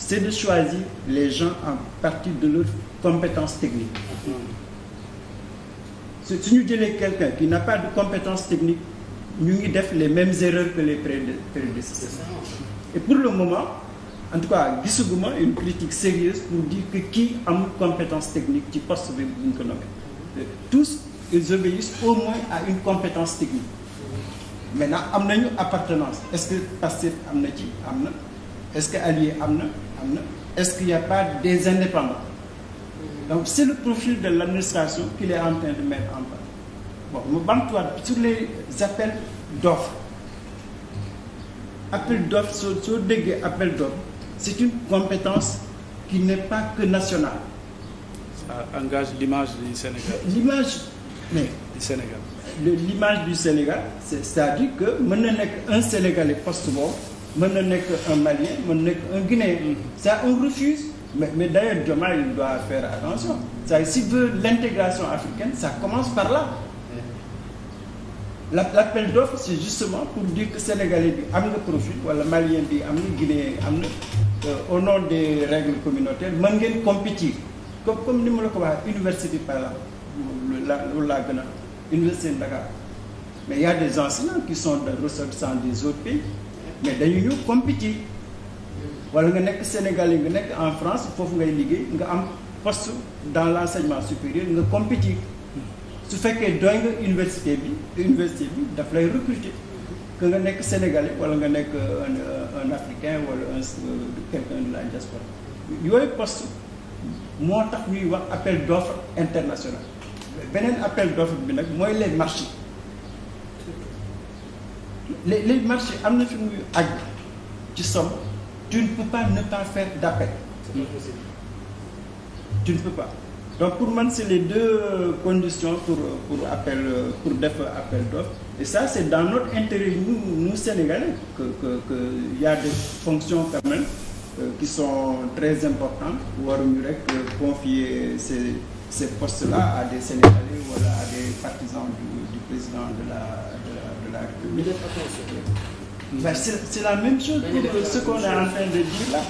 c'est de choisir les gens en partie de leurs compétences techniques mm-hmm. si su ñu jëlee quelqu'un qui n'a pas de compétences techniques ñu ngi def les mêmes erreurs que les prédécesseurs et pour le moment en tout cas gisaguma une critique sérieuse pour dire que kii amul compétence technique ci poste bi bu ko nommé tous ils obéissent au moins à une compétence technique maintenant am nañu appartenance est-ce que Pastef am na ci am na est-ce que allié am na am na qu'il n'y a pas des indépendants donc c'est le profil de l'administration qu'il est en train de mettre en place bon mu bamtuwaat sur les appels d'offres appel d'offres soo soo déggee appel d'offres c'est une compétence qui n'est pas que nationale. ça engage l'image du Sénégal. l'image du Sénégal. l'image du Sénégal c'est c'est-à-dire que mën na nekk un Sénégalais poste boobu mën na nekk un Malien mën na nekk un Guinéen. Mm-hmm. ça on refuse. mais mais d'ailleurs Diomaye il doit faire attention. ça s'il veut l'intégration africaine ça commence par là. la l'appel d'offres c'est justement pour dire que sénégalais bi am nga profit wala malien bi am na guinéen am na euh, au non des règles communautaires mën ngeen compétir comme comme ni ma la ko waxee université par là loolu laa gën a université Dakar mais il y a des enseignants qui sont de ressortissants des autres pays mais dañu ñu compétir wala nga nekk sénégalais nga nekk en France foofu ngay liggéey nga am poste dans l'enseignement supérieur nga compétir su fekkee doy nga université bi université bi daf lay recruter que nga nekk sénégalais wala nga nekk un africain wala un quelqu'un de la diaspora yooyu poste moo tax ñuy wax appel d'offre international beneen appel d'offre bi nag mooy les marché les les am na fi muy àgg ci somme tu ne peux pas ne pas faire d'appel. c'est donc pour man c'est les deux conditions pour pour appel pour def appel d'offre et ça c'est dans notre intérêt nous nous Sénégalais que que que y a des fonctions quand même euh, qui sont très importantes waruñu rek euh, confier ces ces postes là à des Sénégalais wala à des partisans du, du président de la de la de mais c'est la même chose pour ce qu'on est en de dire là.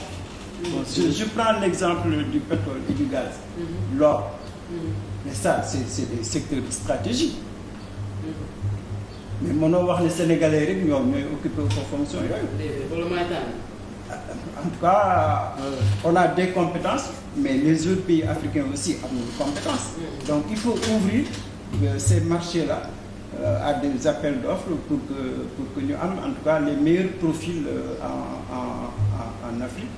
Je, je prends l'exemple du pétrole et du gaz. Mm-hmm. L'or. Mm-hmm. Mais ça, c'est des secteurs stratégiques. Mm-hmm. mais mënoo wax ne sénégalais rek ñoom ñooy occupé fonction yooyu. Eh, euh, en tout cas on a des compétences mais les autres pays africains aussi am nañu compétence donc il faut ouvrir euh, ces marchés là euh, à des appels d'offres pour que pour que ñu am en tout cas les meilleurs profils en en en Afrique.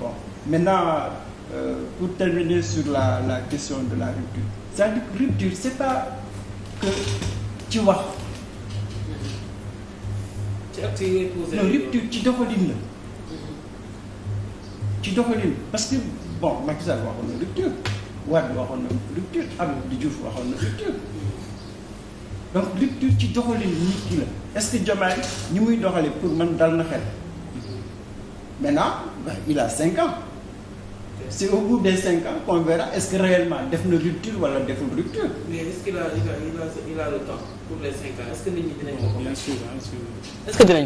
Bon, maintenant, euh, pour terminer sur la, la question de la rupture. cest rupture, c'est pas que ci wax. ci rupture ci doxalin la. ci doxalin parce que bon Macky Sall waxoon na rupture Wade waxoon na rupture Abdou Diouf waxoon na rupture. donc rupture ci doxalin nit ki la est-ce que ñi muy doxalee pour man dal na xel. maintenant ben, il cinq ans c'est au def na rupture wala deful rupture. mais est-ce qu'il a il a il a il cinq ans est-ce mu ngi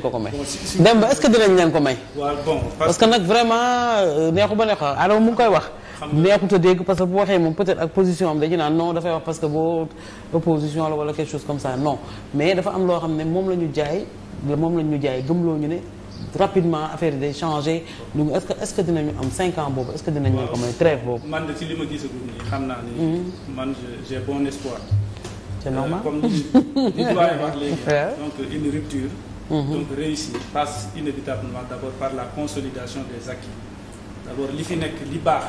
koy wax. neexut a dégg parce que bu waxee moom peut naan non dafay wax parce que boo opposition la wala quelque chose comme ça non mais dafa am loo xam ne moom la ñu jaay moom la ñu jaay loo ñu ne. rapidement affaire yi day changé lu est-ce que est-ce que am 5 ans boobu est-ce que dinañu ko may trêve boobu. man de ci li ma gisagum nii xam naa ni. Hmm. man j'ai bon espoir. c'est normal euh, comme li doyen wax léegi. donc une rupture. Hmm. donc réussir passe inévitablement d'abord par la consolidation des acquis d'abord li fi nekk li baax.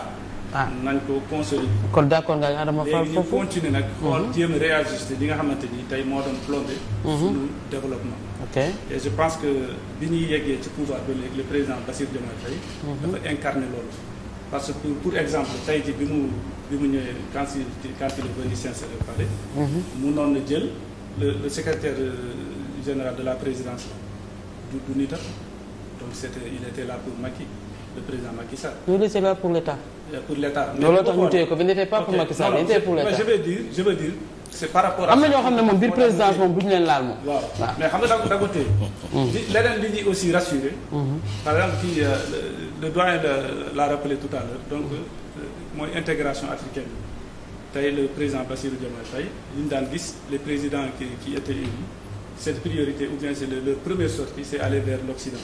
ah nañ ko consolider. kon d'accord nga Adama Fall foofu léegi ñu continuer nag. Mhm. xool jéem réajuster li nga xamante ni tey moo doon plombé. Mhm. suñu développement. ok et je pense que bi ñuy yeggee ci pouvoir ba léegi le président Bassirou Diomaye Faye. Mhm. dafa incarner loolu. parce que pour exemple tey jii bi mu bi mu ñëwee quand il quand il est venu s'installer au noon na jël le le secrétaire euh, général de la présidence du du NITA donc c'était il était là pour Macky le président sax Sall. loolu c'est là pour l'État. pour l' état. looloo tax ñu téye ko bi ñu defee Papa Macky Sall pour l' je veux dire je veux dire c' par rapport. am na ñoo xam ne moom biir présidence moom bu ñu leen mais xam nga da nga ko téye. di mm. leneen li ñuy aussi rassuré. Mm-hmm. par exemple kii euh, le doyen de l'a rappelé tout à l'heure donc euh, euh, mooy intégration africaine tey le président Bassirou Diomaye Faye li ñu daan gis les présidents qui qui étaient élus cette priorité ou bien c' est leur première sortie c' est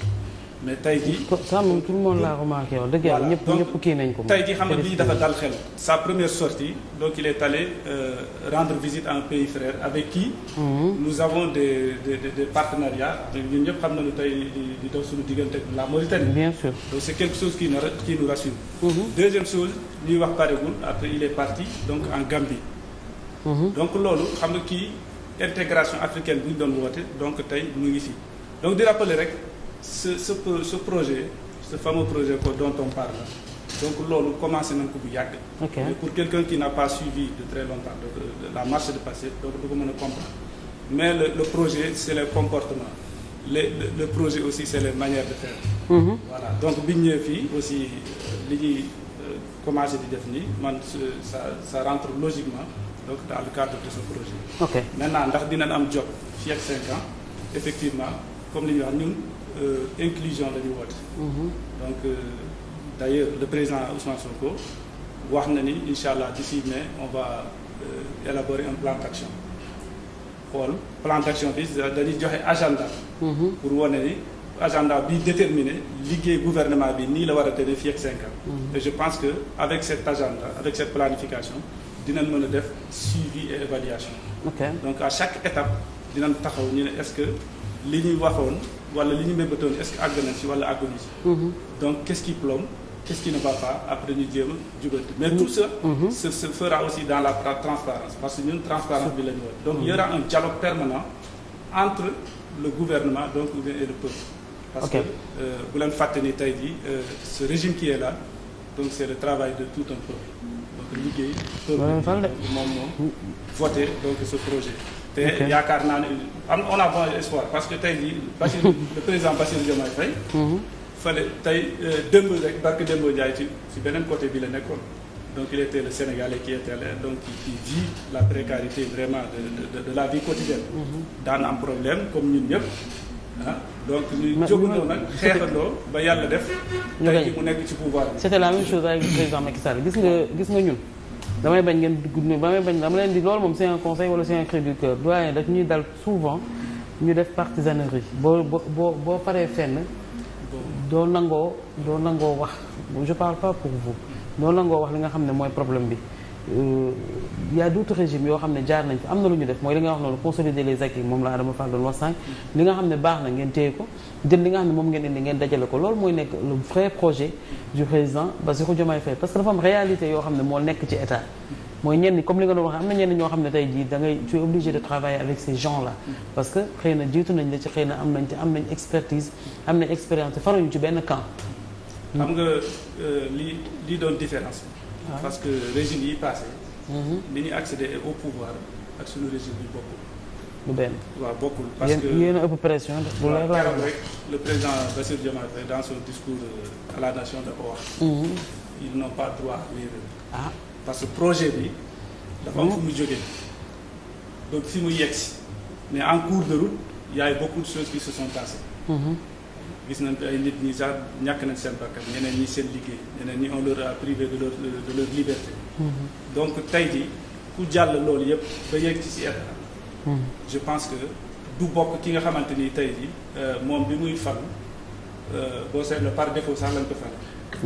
mais tey jii. ça moom tout le monde l'a remarqué wax dëgg yàlla ñëpp ñëpp kii nañ ko. tey jii xam nga bi ñu dafa dal xel. sa première sortie donc il est allé euh, rendre visite à un pays frère avec qui. Mm-hmm. nous avons des des des, partenariats ñun ñëpp xam nañu tey di di dox suñu diggante la Mauritanie. bien sûr donc c'est quelque chose qui nous qui nous rassure. Mm-hmm. deuxième chose ñuy wax paregul après il parti donc en Gambie. Mm-hmm. donc loolu xam nga kii intégration africaine bu ñu doon woote donc tey mu ngi fi donc di rappeler rek. ce ce ce projet ce fameux projet dont on parle donc loolu commencé nañ ko bu yàgg. mais pour quelqu'un qui n'a pas suivi de très longtemps de, la marche de Pastef donc du ko mën a comprendre mais le, projet c'est les comportements les le, le projet aussi c'est les manières de faire. Mm voilà donc bi ñëwee fii aussi euh, li ñuy euh, commencé di def nii man ça ça rentre logiquement donc dans le cadre de ce projet. ok maintenant ndax dinañ am job fii ak cinq ans effectivement comme li ñu wax ñun. Euh, inclusion la ñu woote. Mhm. donc euh, d' ailleurs le président Ousmane Sonko wax na ni incha allah d'ici mai on va euh, élaborer un plan d' action bi dañuy joxe agenda. Mhm. pour wane ni agenda bi déterminé liggéey gouvernement bi nii la war a tëddee fii ak mhm. et je pense que avec cet agenda avec cette planification dinañ mën a def suivi et évaluation. donc à chaque étape dinañ taxaw ñu ne est-ce que li ñuy waxoon. wala li ñu mébétoon est-ce que àgg na ci wala àgguñu ci. Mhm. donc qu'est-ce qui plombe qu'est-ce qui ne va après ñu jéem a jubanti mais tout ça. Mhm. se se fera aussi dans la transparence parce que ñun transparence bi la ñu war donc il y aura un dialogue permanent entre le gouvernement donc et le peuple. parce que euh, bu leen fàtte ni tey jii euh, ce régime qui est là donc c'est le travail de tout un peuple liggéey. peuple moom moom voté donc ce projet. te yaakaar naa ne am on a bon espoir parce que tey jii. Bassirou le président Bassirou Diomaye Faye. Mhm. fële tey euh, démb rek barke démb jaay ci ci beneen côté bi la nekkoon donc il était le Sénégalais qui était là donc qui vit la précarité vraiment de de de la vie quotidienne. Mhm. daan am problème comme ñun ñëpp. ah donc ñu jógandoo nag xeexandoo ba yàlla def. tey jii mu nekk ci pouvoir bi. c'était la même chose avec le président Macky Sall gis nga gis nga ñun. damay bañ ngeen dugg damay bañ dama leen di loolu moom c'est un conseil wala c'est un cri du cœur doyen ñuy dal souvent ñu def partisanerie boo boo boo paree fenn doo nangoo doo nangoo wax je parle pas pour vous doo nangoo wax li nga xam ne mooy problème bi Euh, y a d'autres yoo xam ne jaar nañ fa am na lu ñu def mooy li nga la Adama wax sànq li nga xam ne baax na ngeen téye ko jël li nga xam ne moom ngeen indi ngeen dajale ko loolu mooy nekk le vrai projet du président Bassirou Diomaye Faye parce que dafa am réalité yoo xam ne moo nekk ci état mooy ñenn comme li nga doon wax am na ñenn ñoo xam ne tey jii da ngay tu de travailler avec ces gens là parce que xëy na jiitu nañ la ci xëy na am nañ te am nañ expertise am nañ expérience te faruñu ci benn camp xam nga euh, li li doon différence Ah. parce que régime yi passé ni mhm. ñu accéder au pouvoir ak suñu régime yi bokkul bu benn waaw bokkul parce que yéen a ëpp pression dans son discours euh, à la nation dafa wax mhm. ils n'ont pas droit à l'erreur ah parce que projet bi dafa am fu donc fi mu yegg si mais en cours de route y a eu beaucoup de choses qui se sont passées mhm. gis nañ fi ay nit ñi sax ñàkk nañ seen bakkan ñeneen ñi seen liggéey ñeneen ñi en leur a privé de leur de leur liberté. Mm-hmm. donc tey jii ku jàll loolu yëpp ba yegg ci si état. Mm-hmm. je pense que du bokk ki nga xamante ni tey jii euh, moom bi muy fal euh, boo seetloo par défaut sax lañ ko fal.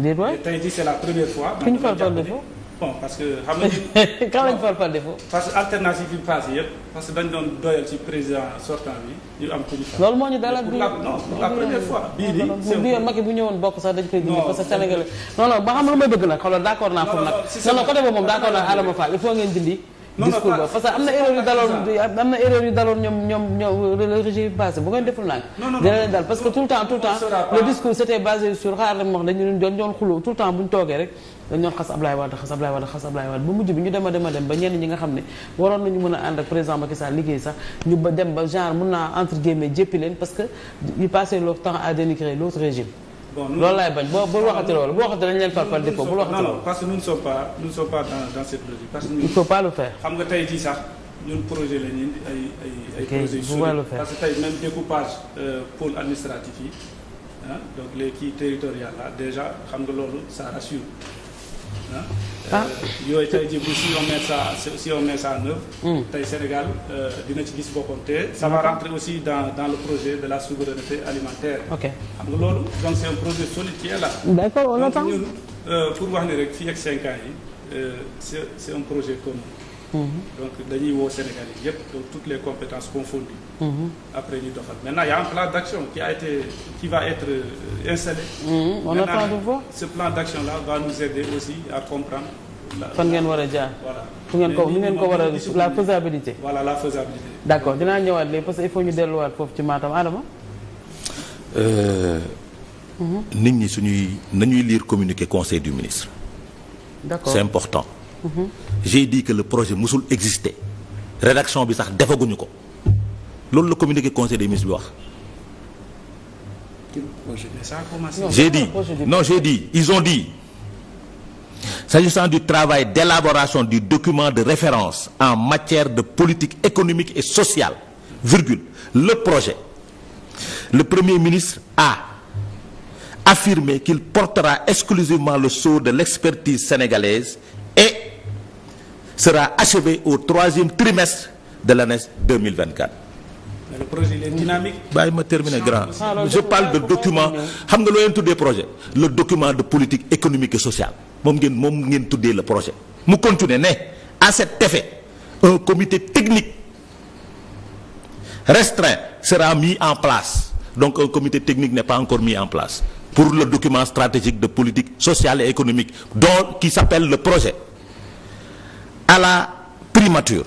déedéet tey jii c'est la première fois. man bon parce que xam nga. kan lañ far par parce que alternative bi passé yëpp parce que dañ doon doyal ci président sortant bi ñu am ko ñu. loolu moo ñu dalal bi yoon Macky bu ñëwoon bokk sax dañ koy dindi. parce que Sénégal non ba xam lu may bëgg nag xoolal d' naa foofu nag. non non côté moom d' naa Adama Fall il faut ngeen dindi. discours ba parce que am na erreur yu daloon am na erreur yu daloon ñoom ñoom ñoom le régime bu ngeen deful nag dina leen dal parce que dañ doon xas Ablaye Wade xas Ablaye Wade ba mujj bi ñu dem a dem a ba ñenn ñi nga xam ne waroon nañu mën a ànd ak président Macky Sall liggéey sax ñu ba dem ba genre mun naa entre guillemets jéppi leen parce que ils passaient leur temps à dénigrer l'autre régime loolu laay bañ boo bul waxati loolu boo waxati dañ leen far par défaut bul waxati loolu parce que nous ne sommes pas nous ne sommes pas dans dans cette logique parce que il faut pas le faire xam nga tey jii sax ñun projet la ñu ay ay ay projet solo parce que tey même euh, yi ah donc les kii territorial là xam nga loolu ça rassure ah euh, yooyu tey jii bu si on met ça si on met ça en tey Sénégal euh, dina ci gis boppam te ça va rentrer aussi dans dans le projet de la souveraineté alimentaire. ok xam nga loolu donc c' est un projet solide qui est là. d' accord on attend donc ñun euh, pour wax ni rek fii ak 5 ans yi c' est un projet commun. Hmm. donc dañuy woo Sénégal yi yëpp donc toutes les compétences confondues. Mm-hmm. après ñu a un plan d'action qui a été qui va être euh, installé. Mm-hmm. on attend de d'action là va nous à comprendre. fan ngeen war a jaar. voilà fu ngeen ko nu ngeen ko war a la faisabilité. voilà la faisabilité. d'accord dinaa ñëwaat léegi parce que il faut ñu delluwaat foofu ci Matam Adama. Euh, mm-hmm. nit ñi suñuy nañuy liir communiqué conseil du ministre. d'accord c'est important. j'ai dit que le projet mosul exister rédaction bi sax defaguñu ko. loolu la communiqué conseil des ministres bi wax. j'ai dit non j'ai dit ils ont dit s'agissant du travail d'élaboration du document de référence en matière de politique économique et sociale virgule le projet le premier ministre a affirmé qu'il portera exclusivement le sceau de l'expertise sénégalaise et sera achevé au troisième trimestre de l'année 2024 le projet il est dynamique. bàyyi ma terminer grand je parle de document xam nga loo leen tuddee projet le document de politique économique et sociale moom ngeen moom ngeen tuddee le projet. mu continuer ne à cet effet un comité technique restreint sera mis en place donc un comité technique n'est pas encore mis en place pour le document stratégique de politique sociale et économique dont qui s'appelle le projet à la primature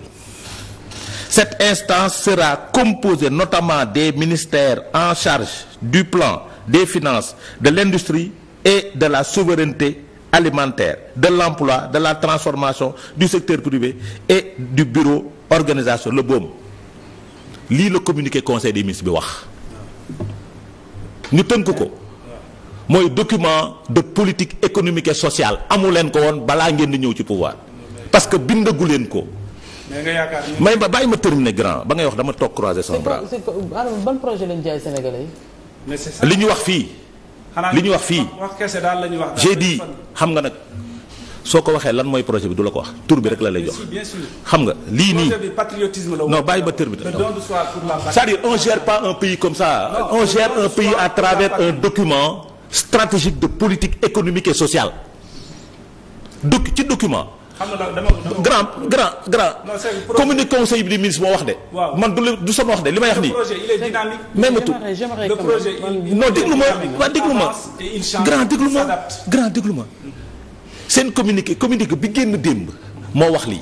Cette instance sera composée notamment des ministères en charge du plan, des finances, de l'industrie et de la souveraineté alimentaire, de l'emploi, de la transformation, du secteur privé et du bureau organisation, le BOM. lii la communiqué conseil des ministres bi wax ñu tënk ko mooy document de politique économique et sociale amu leen ko woon balaa ngeen di ñëw ci pouvoir parce que bindagu leen ko. mais nga yaakaar may ba bàyyi ma terminer grand ba ngay wax dama toog croiser son bras. c'est ah ban projet lañ jaay Sénégalais yi. li ñu wax fii. li ñu wax fii. wax kese la ñu wax. j'ai dit xam nga nag soo ko waxee lan mooy projet bi du la ko wax tur bi rek la lay jox. xam nga lii nii. projet bi patriotisme la bàyyi ma terminer. c'est-à-dire on gère pas un pays comme ça. on gère un pays à travers un document stratégique de politique économique et sociale. donc ci document. grand grand grand communiqué conseil bi di ministre moo wax de. man du du sama wax de li may wax nii. même tout non déglu ma waa déglu ma grand déglu ma seen communiqué communiqué bi génn démb moo wax lii.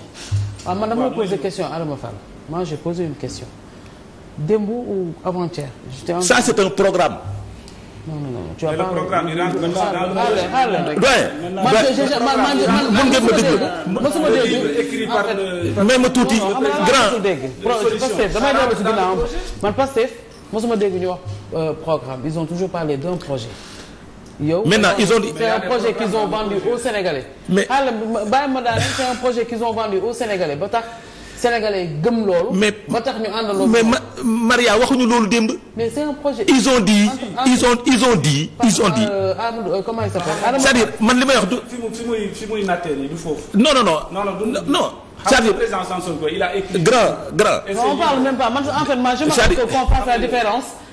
waaw ah, man dama posé question Adama Fall moi j'ai posé une question démb ou avant-hier. ça c'est un programme. non non non. tu as pas le programme il rentre dans le. ma tuuti grand. man Pastef mosuma dégg ñu wax euh, programme ils ont toujours parlé d'un projet. yow maintenant ils ont. c'est un projet qu'ils ont vendu aux Sénégalais. mais xaaral bàyyi ma daal un projet qu'ils ont vendu aux Sénégalais ba tax. sénégalais gëm loolu. mais ba tax ñu àndandoo. mais ma Maria waxuñu loolu démb. mais c'est projet. ils ont dit ils ont ils ont dit. ils ont dit euh, Amadou euh, man li may wax du. fi mu fi muy fi muy foofu. non non non a écrit. grand grand. on parle même man en fait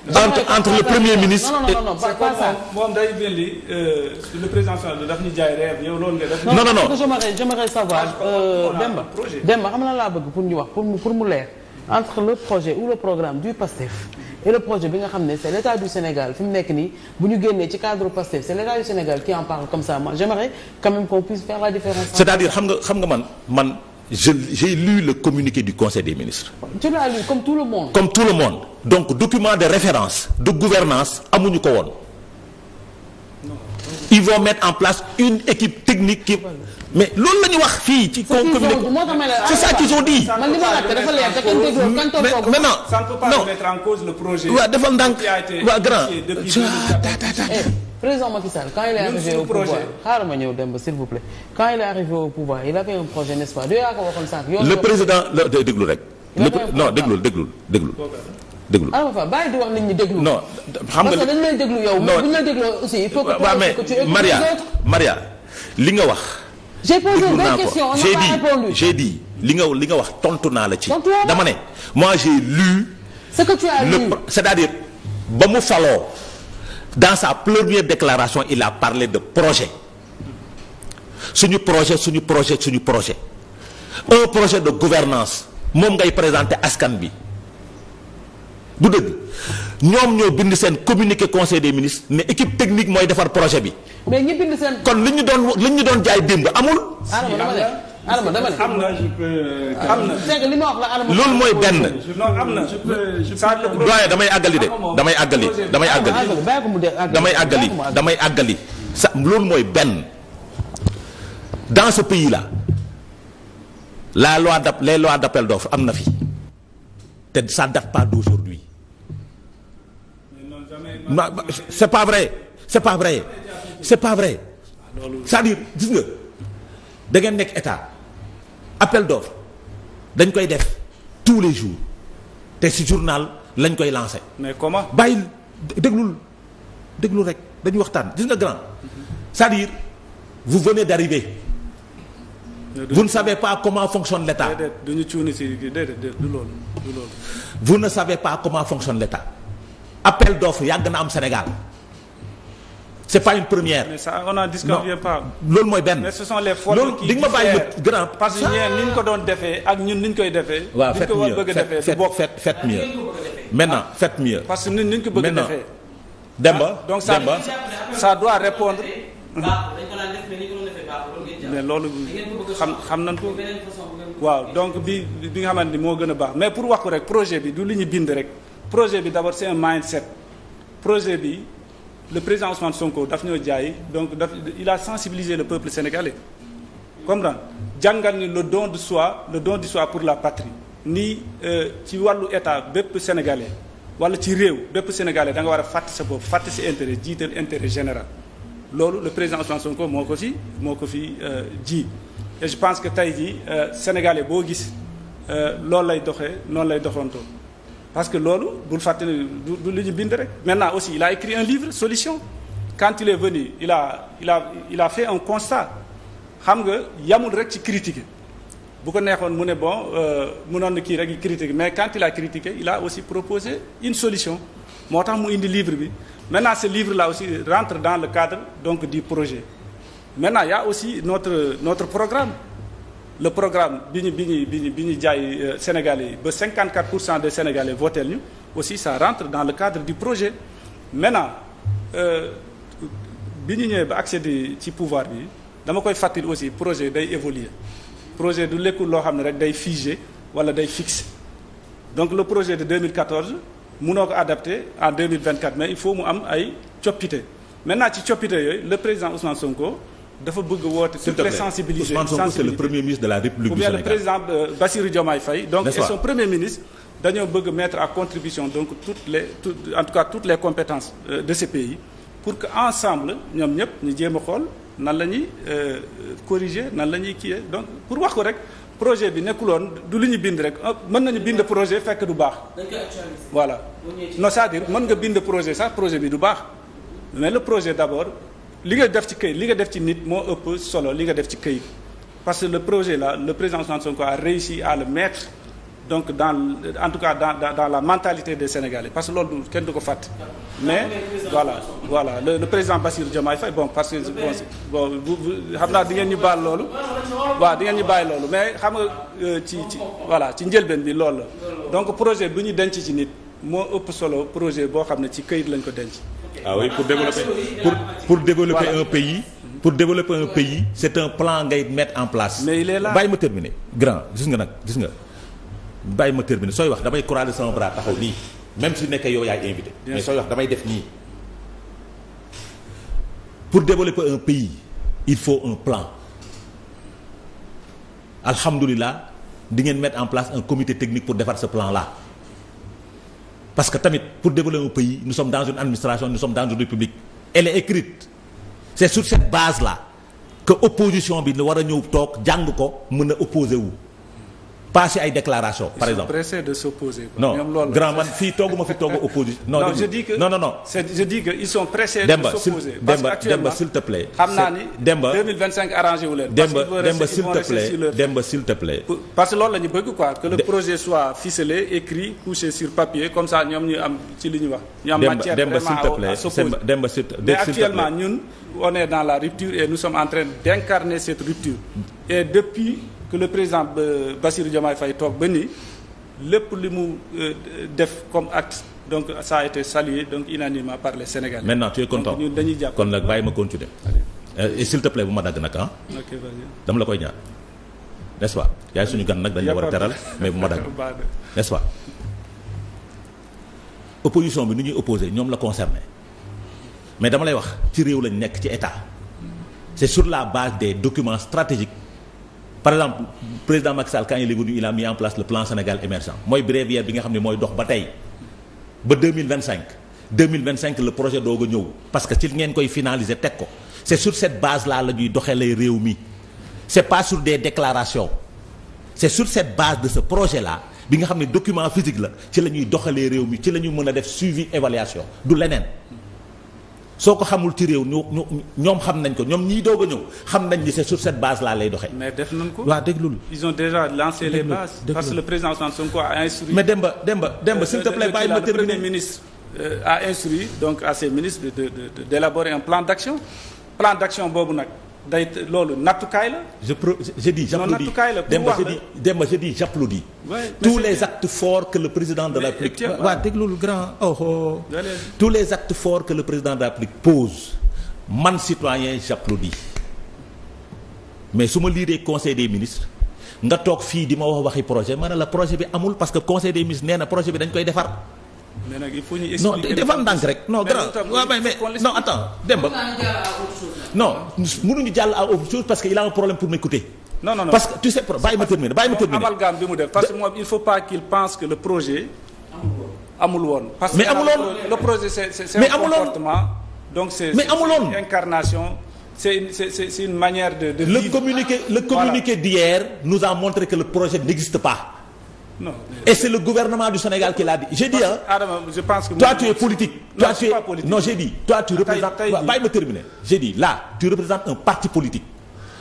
entre le premier ministre. non non non pas ça moom day mel ni euh, le président Sall daf non non non j'aimerais j'aimerais savoir. Ah, euh, Demba Demba xam na laa bëgg pour ñu wax pour mu pour mu leer. entre le projet ou le programme du PASTEF et le projet bi nga xam ne c'est l'État du Sénégal fi mu nekk ni bu ñu génnee ci cadre PASTEF c'est l'État du Sénégal qui en parle comme ça moi j'aimerais quand même qu'on puisse faire la différence. c'est-à-dire xam nga xam nga man man. je j'ai lu le communiqué du conseil des ministres. je l'ai lu comme tout le monde. comme tout le monde donc document de référence de gouvernance amuñu ko woon. ils vont mettre en place une équipe technique qui mais loolu la ñu wax fii ci. c'est ça qu'ils ont dit. man li ma mais non ça ne le projet. waaw defal ndànk waaw grand. président Macky Sall il est arrivé au pouvoir ma ñëw dem ba s'il vous plaît quand il est arrivé au pouvoir il avait un projet nest pas le président la déglu rek. non déglul déglul déglul. déglu wax nit ñi déglu. non xam nga parce que dañu lay déglu yow. non buñu la dégloo aussi il faut Maria li nga wax. j'ai posé deux questions n'a pas répondu j'ai dit li nga li nga wax tontu naa la ci. dama ne moi j'ai lu. ce que tu as lu c'est-à-dire ba mu faloo. dans sa première déclaration il a parlé de projet suñu projet suñu projet suñu projet un projet de gouvernance moom ngay présenter askan bi du dëgg ñoom ñoo bind seen communiqué conseil des ministres ne équipe technique mooy defar projet bi. mais ñi bind seen. kon li ñu doon li ñu doon jaay démb amul. Adama am na loolu mooy benn. non am na je damay àggali de ah, damay ah, àggali damay àggali. bàyyi ko mu damay àggali damay àggali sa loolu mooy benn dans ce pays là la loi d' les lois d' appel am na fi te ça date pas d'aujourd'hui c'est pas vrai c' pas vrai c' pas vrai da ngeen nekk état appel d'offre dañ koy def tous les jours te ci journal lañ koy lancé. mais comment bàyyi déglul déglul rek dañuy waxtaan gis nga grand. c'est-à-dire vous venez d'arriver. vous ne savez pas comment fonctionne l'État. duñu cuuni ci loolu du loolu. vous ne savez pas comment fonctionne l'État appel d'offre yàgg na am Sénégal. c'est pas une première. mais ça on n'en loolu mooy benn. mais ce sont les loolu di nga ma bàyyi grand. parce que ñeen ni ko doon defee ak ñun ni ñu koy defee. waaw faites mieux faites faites mieux. maintenant que ñun ni ñu ko bëgg a defee. Demba ah, donc ça ça doit répondre. mais loolu xam xam nañ ko. waaw donc bi bi nga xamante ni moo gën a baax mais pour wax ko rek projet bi du li ñu bind rek projet bi d'abord c'est un mindset projet bi. le président Ousmane Sonko daf ñoo jaay donc daf il a sensibilisé le peuple sénégalais comprendre jàngal ni le don de soi le don de soi pour la patrie ni euh, ci wàllu état bépp sénégalais wala ci réew bépp sénégalais da nga war a fàtte sa bopp fàtte sa intérêt jiital intérêt général loolu le président Ousmane Sonko moo ko si moo ko fi euh, ji et je pense que tey jii euh, sénégalais boo gis loolu lay doxee noonu lay doxantoo parce que loolu bul fàttali du du lu ñu bind rek maintenant aussi il a écrit un livre solution quand il est venu il a il a il a fait un constat xam nga yamul rek ci critiquer bu ko neexoon mu ne bon euh, mënoon na kii rek yi critiquer mais quand il a critiqué il a aussi proposé une solution moo tax mu indi livre bi maintenant ce livre la aussi rentre dans le cadre donc du projet maintenant il aussi notre notre programme le programme bi ñu bi ñu bi ñu bi ñu jaay euh, Sénégalais yi ba 54 pour cent de Sénégalais voteel ñu aussi ça rentre dans le cadre du projet maintenant euh, bi ñu ñëwee ba accéder ci pouvoir bi dama koy fàttali aussi projet day évoluer projet du lekkul loo xam ne rek day figé wala day fixe donc le projet de 2014 mënoo ko adapté en 2024 mais il faut mu am ay coppite maintenant ci coppitee yooyu le président Ousmane Sonko. dafa bëgg woote. s'il te plaît sensibiliser Ousmane Sonko le premier ministre de la République du Sénégal ou bien le président euh, Bassirou Diomaye Faye. donc et son premier ministre dañoo bëgg mettre à contribution donc toutes les tout en tout cas toutes les compétences euh, de ce pays pour que ensemble ñoom ñëpp ñu jéem a xool nan la ñuy euh, corriger nan la ñuy kiiyee donc pour wax ko rek projet bi nekkuloon du lu ñu bind rek ah, mën nañu bind projet fekk du baax. voilà non cest dire mën nga bind projet sax projet bi du baax mais le projet d'abord. li nga def ci këyit li nga def ci nit moo ëpp solo li nga def ci këyit parce que le projet là le président Ousmane Sonko a réussi à le mettre donc dans en tout cas dans dans, dans la mentalité des Sénégalais parce que loolu kenn du ko fàtte. mais voilà voilà le, le président Bassirou Diomaye Faye bon parce que bon bu xam naa di ngeen ñu baal loolu. waa di ngeen ñu bàyyi loolu mais xam nga euh, ci ci voilà ci njëlbeen bi loolu la. donc projet bu ñu denc ci nit moo ëpp solo projet boo xam ne ci këyit lañ ko denc. ah oui pour développer pour pour développer voilà. un pays. pour développer un pays c'est un plan ngay mettre en place. mais il est là bàyyi ma terminer grand gis nga nag gis nga bàyyi ma terminer sooy wax damay croiser sama bras taxaw nii même su nekk yow yaay invité. mais sooy wax damay def nii. pour développer un pays il faut un plan alhamdulilah di ngeen mettre en place un comité technique pour defar ce plan la parce que tamit pour développer un pays nous sommes dans une administration nous sommes dans une république elle est écrite c'est sur cette base là que opposition bi la war a ñëw toog jàng ko mën a opposé wu passé ay déclaration par exemple. pressé de s'opposer non grand man fii tooguma fi toogu opposition. non non je dis que non non non. je dis que ils sont pressés de s'opposer parce que actuellement Demba s'il te plaît. xam naa ni Demba 2025 arrangé wu leen. parce que Demba s'il te plaît Demba s'il te plaît. parce que loolu la ñu bëgg quoi que le projet soit ficelé écrit couché sur papier comme ça ñoom ñu am ci li ñu wax. ñu am matière vraiment à s'opposer Demba s'il te plaît mais actuellement ñun on est dans la rupture et nous sommes en train d'incarner cette rupture et depuis. que le président euh, Bassirou Diomaye Faye toog ba lépp li mu euh, def comme acte donc ça a été salué par les Sénégalais. maintenant tu es dañuy jàpp kon nag bàyyi ma continuer. Euh, et s'il te plaît bu ma dagg nag ah. dama la koy ñaan n'est-ce yaay suñu gan nag dañ war a teral mais bu ma dagg n'est-ce pas. opposition bi nu ñuy opposé ñoom la concerné mais dama lay wax ci réew lañ nekk ci état c'est sur la base des documents stratégiques. par exemple président Macky Sall quand il est venu il a mis en place le plan Sénégal émergent mooy bréviaire bi nga xam ne mooy dox ba tey ba 2025 2025 projet doog a ñëw parce que ci ngeen koy finaliser teg ko c'est sur cette base là la ñuy doxalee réew mi c'est pas sur des déclaration c'est sur cette base de ce projet là bi nga xam ne document physique la ci la ñuy doxalee réew mi ci la ñuy mën a def suivi évaluation du leneen soo ko xamul ci réew ñu ñoom xam nañ ko ñoom ñii doog a ñëw xam nañ ni c'est sur cette base là lay doxee. mais def nañ ko waaw déglul. ils ont déjà lancé les bases. parce que le président Ousmane a instruit. mais Demba Demba Demba s'il te plaît bàyyi ma terminer ministre euh, a instruit donc à ses ministres de de d'élaborer un plan d'action plan d'action boobu nag. day loolu nattukaay la. je pro je dis j'applaudis nattukaay la Demba je dis Demba je dis j'applaudis tous les actes forts que le président de la République. waa déglu lu grand oh oh. tous les actes forts que le président de la République pose man citoyen j'applaudis mais su ma liiree conseil des ministres nga toog fii di ma wax waxi projet ma ne la projet bi amul parce que conseil des ministres nee na projet bi dañ koy defar. mais nag il faut ñu expliquer non defal ndànk rek non grand waaw non attends Demba jàll à autre chose parce que il a un problème pour m'écouter non non parce que tu sais bàyyi ma terminer bàyyi ma terminer amalgame bi mu parce qu'il pense que le projet amul woon parce que mais amul woon le projet c'est c'est un comportement donc c'est mais amul woon incarnation c'est une c'est c'est une manière de de le communiqué le communiqué d'hier nous a montré que le projet n'existe pas non et c'est le gouvernement du Sénégal qui l'a dit j'ai dit que. toi tu es politique. non toi, je suis pas politique non j'ai dit. toi tu représentes waaw bàyyi ma terminer. j'ai un parti politique.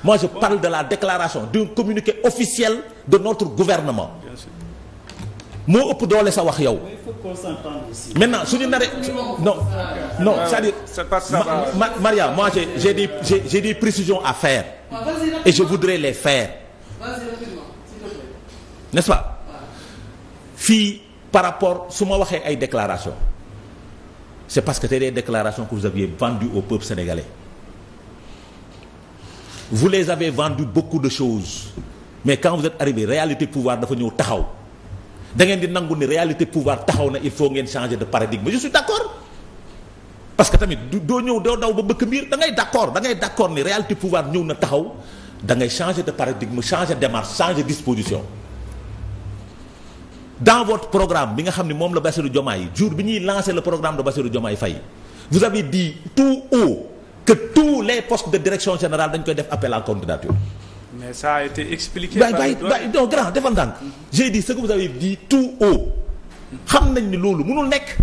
moi je parle de la déclaration d'un communiqué officiel de notre gouvernement. bien sûr ëpp doole sa wax yow. il faut qu'on s'entende aussi. maintenant suñu naree non non c'est-à-dire. ma Maria j'ai des précisions à faire. et je voudrais les faire. n'est-ce pas. fii par rapport su ma waxee ay déclaration c'est parce que c'est des déclaration que vous aviez vendues au peuple sénégalais vous les vendu beaucoup de choses mais quand vous êtes arrivé réalité pouvoir dafa ñëw taxaw da ngeen di nangu ni réalité pouvoir taxaw na il faut ngeen changer de paradigme je suis d'accord parce que tamit doo ñëw doo daw ba bëkk miir da ngay d'accord da ngay d'accord ni réalité pouvoir ñëw na taxaw da ngay changer de paradigme changer démarche changer disposition dans votre programme bi nga xam ne moom la Bassirou Diomaye jour bi ñuy lancer le programme de Bassirou Diomaye Faye vous avez dit tout haut que tous les postes de direction générale dañ koy def appel à candidature. mais ça a été expliqué. par bay bay non grand defal ndànk. j'ai dit ce que vous avez dit tout xam nañ ni loolu mënul nekk.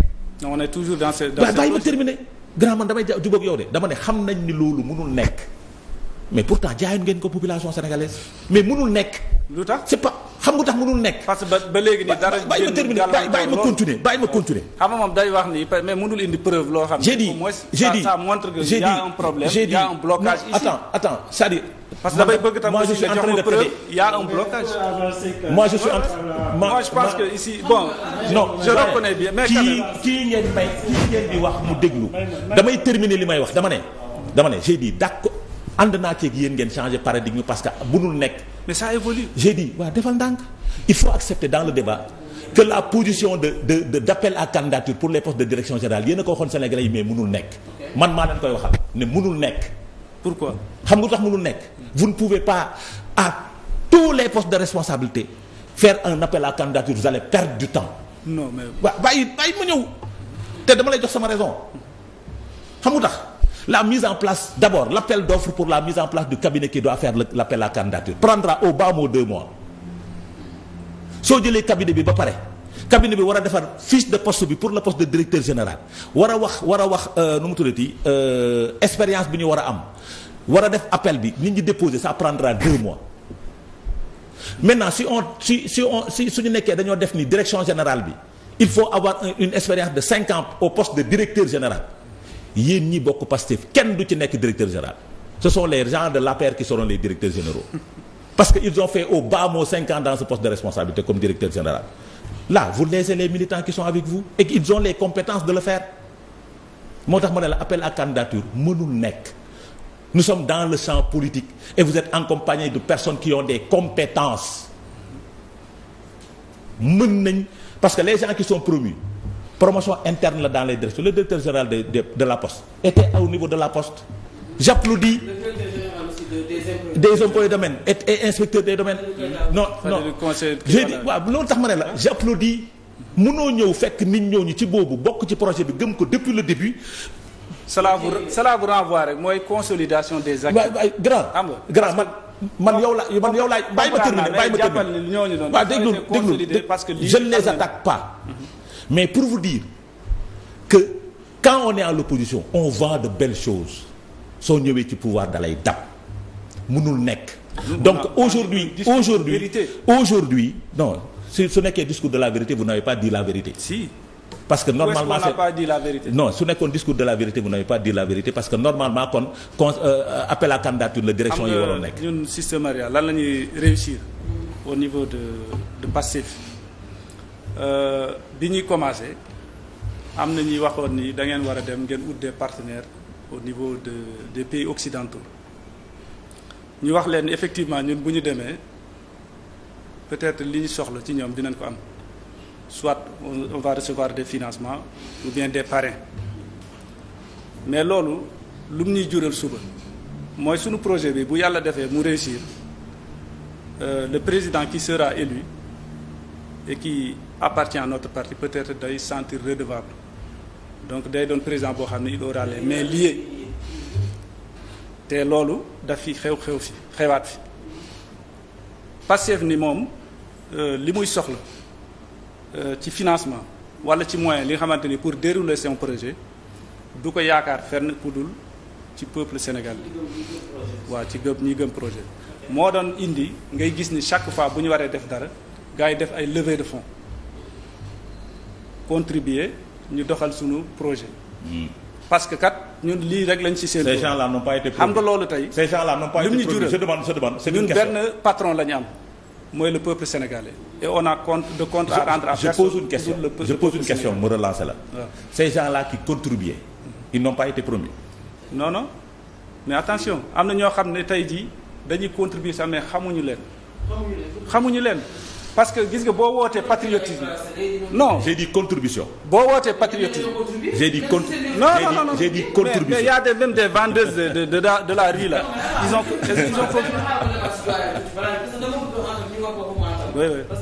on est toujours dans ce dans ce. bàyyi ma terminer grand man damay jubóog yow de dama ne xam nañ ni loolu mënul nekk. mais pourtant jaayoon ngeen ko population sénégalaise mais mënul nekk. lu tax c'est pas xam nga tax mënul nekk. parce que ba ba léegi nii dara. bàyyi ma terminer bàyyi ma continuer bàyyi ma continuer. xam nga moom day wax ni mais mënul indi preuve loo xam. j'ai que a un problème y a un bëgg tam y moi je suis en kii kii ngeen may kii ngeen di wax mu déglu. damay terminer li may wax dama ne. dama ne j'ai ko ànd naa ceeg yéen ngeen changer paradigme parce que bunul nekk. mais ça évolue. j'ai dit waaw defal ndànk il faut accepter dans le débat que la position de de de d'appel à candidature pour les postes de direction générale yéen a ko waxoon Sénégalais yi munul nekk. man maa leen koy waxal ne munul nekk. pourquoi xam nga tax munul nekk. vous ne pas à tous les postes de responsabilité faire un appel à candidature vous allez perdre du temps. non mais waaw bàyyi bàyyi ma ñëw te dama lay jox sama raison xam tax. la mise en place d'abord l'appel d'offres pour la mise en place du cabinet qui doit faire l'appel à candidature prendra au bas mot deux mois soo jëlee cabinet bi ba pare cabinet bi war a defar fiche de post bi pour la poste de directeur général war a wax war a wax euh, nu mu tuddati euh, expérience bi ñu war a am war a def appel bi nit ñi déposer ça prendra deux mois maintenant si on si si on si suñu nekkee dañoo def nii direction général bi il faut avoir une expérience de cinq au poste de directeur général yéen ñi bokk Pastef kenn du ci nekk directeur général ce sont les gens de l'APR qui seront les directeurs généraux parce que ils ont fait au bas mot cinq ans dans ce poste de responsabilité comme directeur général là vous laissez les militants qui sont avec vous et qu'ils ont les compétences de le moo tax ma ne la appel à candidature mënul nekk nous sommes dans le champ politique et vous êtes accompagné de personnes qui ont des compétences mën nañ parce que les gens qui sont promotion interne la dans les directions le directeur général de de de la poste était au niveau de la poste j'applaudis des impôts et domaines et et inspecteur des domaines. non non j'ai dit waaw loolu tax ma ne la j'applaudis mënoo ñëw fekk nit ñooñu ci boobu bokk ci projet bi gëm ko depuis le début. cela vous cela vous renvoie rek mooy consolidation des acquis. waay waay grand grand man. man yow la man yow laay bàyyi ma terminer bàyyi ma terminer waaw déglu pas. Mm-hmm. mais pour vous dire que quand on est à l'opposition on vend de belles choses soo ñëwee ci pouvoir dalay mu mënul nekk donc aujourd'hui aujourd'hui aujourd'hui non su su nekkee discours de la vérité vous n'avez pas dit la vérité parce que normalement on n'a pas dit non su nekkoon discours de la vérité vous n'avez pas dit la vérité parce que normalement kon con euh, appel à candidature la direction yi waroon nekk ñuy réussir au niveau de de Pastef Euh, bi ñuy commencé am na ñuy waxoon ni da ngeen war a dem ngeen ut des partenaires au niveau de des pays occidentaux ñu wax leen effectivement ñun bu ñu demee peut-être li ñu soxla ci ñoom dinañ ko am soit on va recevoir des financements ou bien des parrains mais loolu lu mu ñuy jural suba mooy sunu projet bi bu yàlla defee mu réussir euh, le président qui sera élu et qui appartient à notre parti peut-être day sentir redevable donc day doon président boo xam ne il aura les mains te loolu daf fi xew xew fi xewaat fi Pastef ni moom euh, li muy soxla euh, ci financement wala ci moyen li nga xamante ni pour dérouler son projet du ko yaakaar fenn ku dul ci peuple Sénégal bi waa ci gëm ñi gëm projet moo doon indi ngay gis ni chaque fois bu ñu waree def dara gars yi def ay levée de fonds contribuer ñu doxal suñu projet. Hmm. parce que kat ñun lii rek lañ si seen. ces gens là n'ont pas été produits xam nga loolu tey. ces gens là n'ont pas été produits je demande benn patron la am mooy le peuple sénégalais. et on a compte de compte à rendre à. je pose question je pose une question mu la. waaw ces gens là pas été promis. non non mais attention am na ñoo xam ne tey jii dañuy contribuer sa mais xamuñu leen. xamuñu leen. parce que gis nga boo wootee patriotisme. non j'ai dit contribution. boo wootee patriotisme. j'ai dit con non non non j'ai dit contribution mais mais y a des même des vendeuses de de de la de la rue là ils ont est-ce qu'ils ont foofu. oui oui.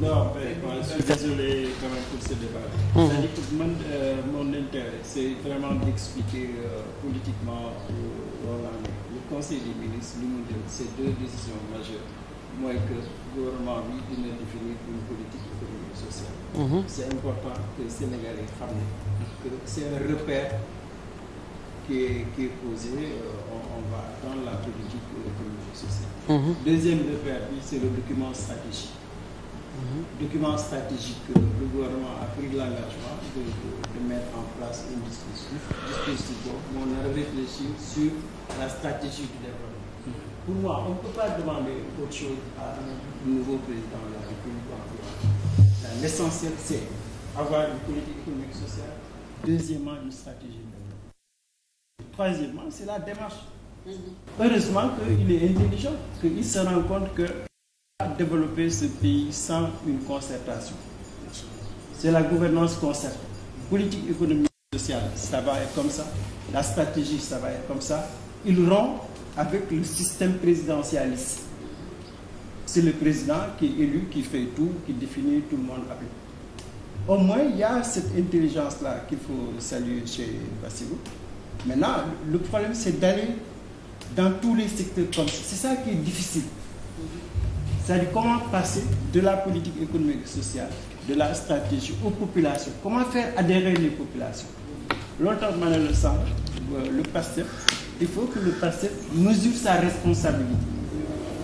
non mais moi je suis désolé quand même pour ce débat. c'est-à-dire que man euh, mon intérêt c'est vraiment d'expliquer euh, politiquement. Euh, loolu am le conseil des ministres li mu jël ces deux décisions majeures mooy que gouvernement bi dina définir une politique économique sociale mhm. c'est important que Sénégal yi xam que c'est un repère qui est posé euh, on, va dans la politique sociale mhm. deuxième repère bi c'est le document stratégique document stratégique le gouvernement a pris l'engagement de, de, de mettre en place un dispositif dispositif boobu moo na sur la stratégie du développement pour moi on peut pas demander autre chose à nouveau président de la République en l'essentiel c'est avoir une politique économique sociale deuxièmement une stratégie de développement troisièmement c'est la démarche mm-hmm. heureusement qu'il est intelligent qu'il se rend compte que développer ce pays sans une concertation. C'est la gouvernance concertée. Politique économique et sociale, ça va être comme ça. La stratégie, ça va être comme ça. Il rompt avec le système présidentialiste. C'est le président qui est élu, qui fait tout, qui définit tout le monde avec. Au moins, il y a cette intelligence-là qu'il faut saluer chez Bassirou. Maintenant, le problème, c'est d'aller dans tous les secteurs comme ça. C'est ça qui est difficile. C'est-à-dire comment passer de la politique économique et sociale, de la stratégie aux populations, comment faire adhérer les populations. Longtemps, Manuel euh, le sang, le pasteur, il faut que le pasteur mesure sa responsabilité.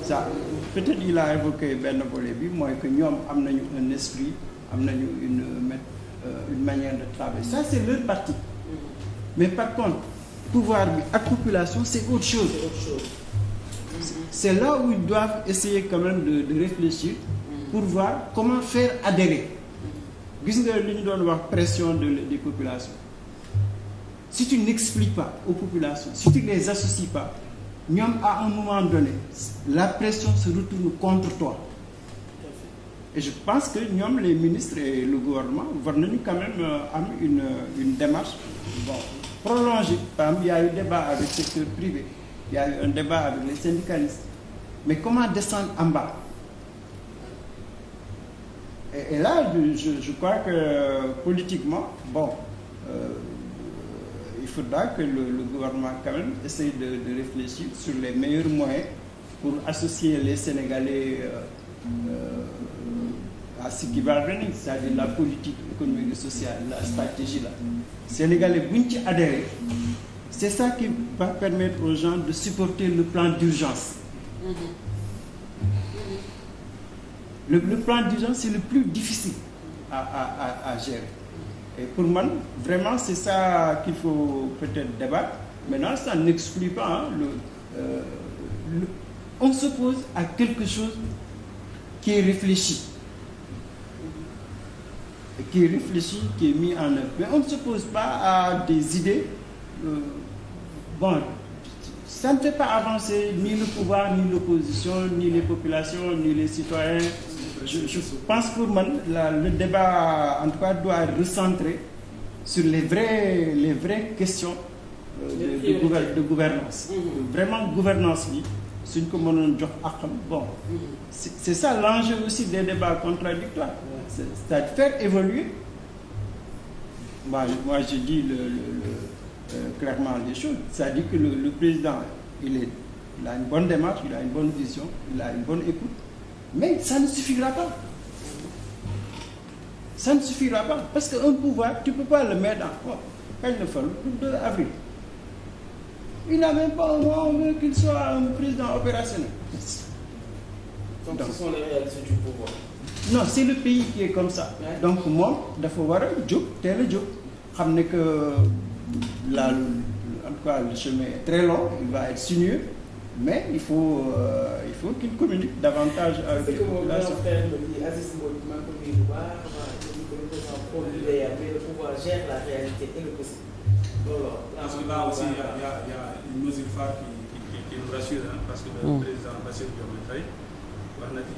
Ça, peut-être il a évoqué benn volet bi mooy que ñoom am nañu un esprit am nañu une euh, une manière de travailler ça c'est leur parti mais par contre pouvoir bi ak population c'est autre chose. c'est là où ils doivent essayer quand même de, de réfléchir pour voir comment faire adhérer gis nga li ñu doon wax pression de des populations si tu n'expliques pas aux populations si tu ne les associes pas ñoom à un moment donné la pression se retourne contre toi et je pense que ñoom les ministres et le gouvernement war nañu quand même euh, am une une démarche bon prolongée par exemple il y a eu débat avec secteur privé il y a eu un débat avec les syndicalistes mais comment descendre en bas et, et là je, crois que politiquement bon euh, il faudra que le, gouvernement quand même essaye de, de réfléchir sur les meilleurs moyens pour associer les Sénégalais euh, euh, à c'est-à-dire la politique économique sociale la stratégie la Sénégalais bu ci adhéré C'est ça qui va permettre aux gens de supporter le plan d'urgence. Le, le, plan d'urgence, c'est le plus difficile à, à, à, gérer. Et pour moi, vraiment, c'est ça qu'il faut peut-être débattre. Maintenant, ça n'exclut pas. Euh, le, on s'oppose à quelque chose qui est réfléchi. Qui est mis en œuvre. Mais on ne s'oppose pas à des idées. Euh, Bon, ça ne fait pas avancer ni le pouvoir, ni l'opposition, ni les populations, ni les citoyens. Je, je pense que le débat, en tout cas, doit recentrer sur les, vraies, les vraies questions euh, de, de, de gouvernance. Mm-hmm. Vraiment, gouvernance, oui. suñ ko mënoon jox àqam bon mm-hmm. c'est ça l'enjeu aussi des débats contradictoires c'est-à-dire faire évoluer moi moi je le Euh, clairement les choses. C'est-à-dire que le, le président, il, est, il a une bonne démarche, il a une bonne vision, il a une bonne écoute, mais ça ne suffira pas. Ça ne suffira pas. Parce qu'un pouvoir, tu ne peux pas le mettre en. Quand le fait le avril. Il n'a même pas au moins qu'il soit un président opérationnel. Donc, Donc, ce sont les réalités du pouvoir. Non, c'est le pays qui est comme ça. Donc, moi, il faut voir un job, tel job. que. là, en tout cas, le chemin est très long, il va être sinueux, mais il faut, euh, il faut qu'il communique davantage avec les populations. le pouvoir gère la réalité et le possible. Parce que là aussi, il y, a, il y a une mesure phare qui, qui, qui, nous rassure, hein, parce que le mm. président Bassir Diomaye Faye wax na ci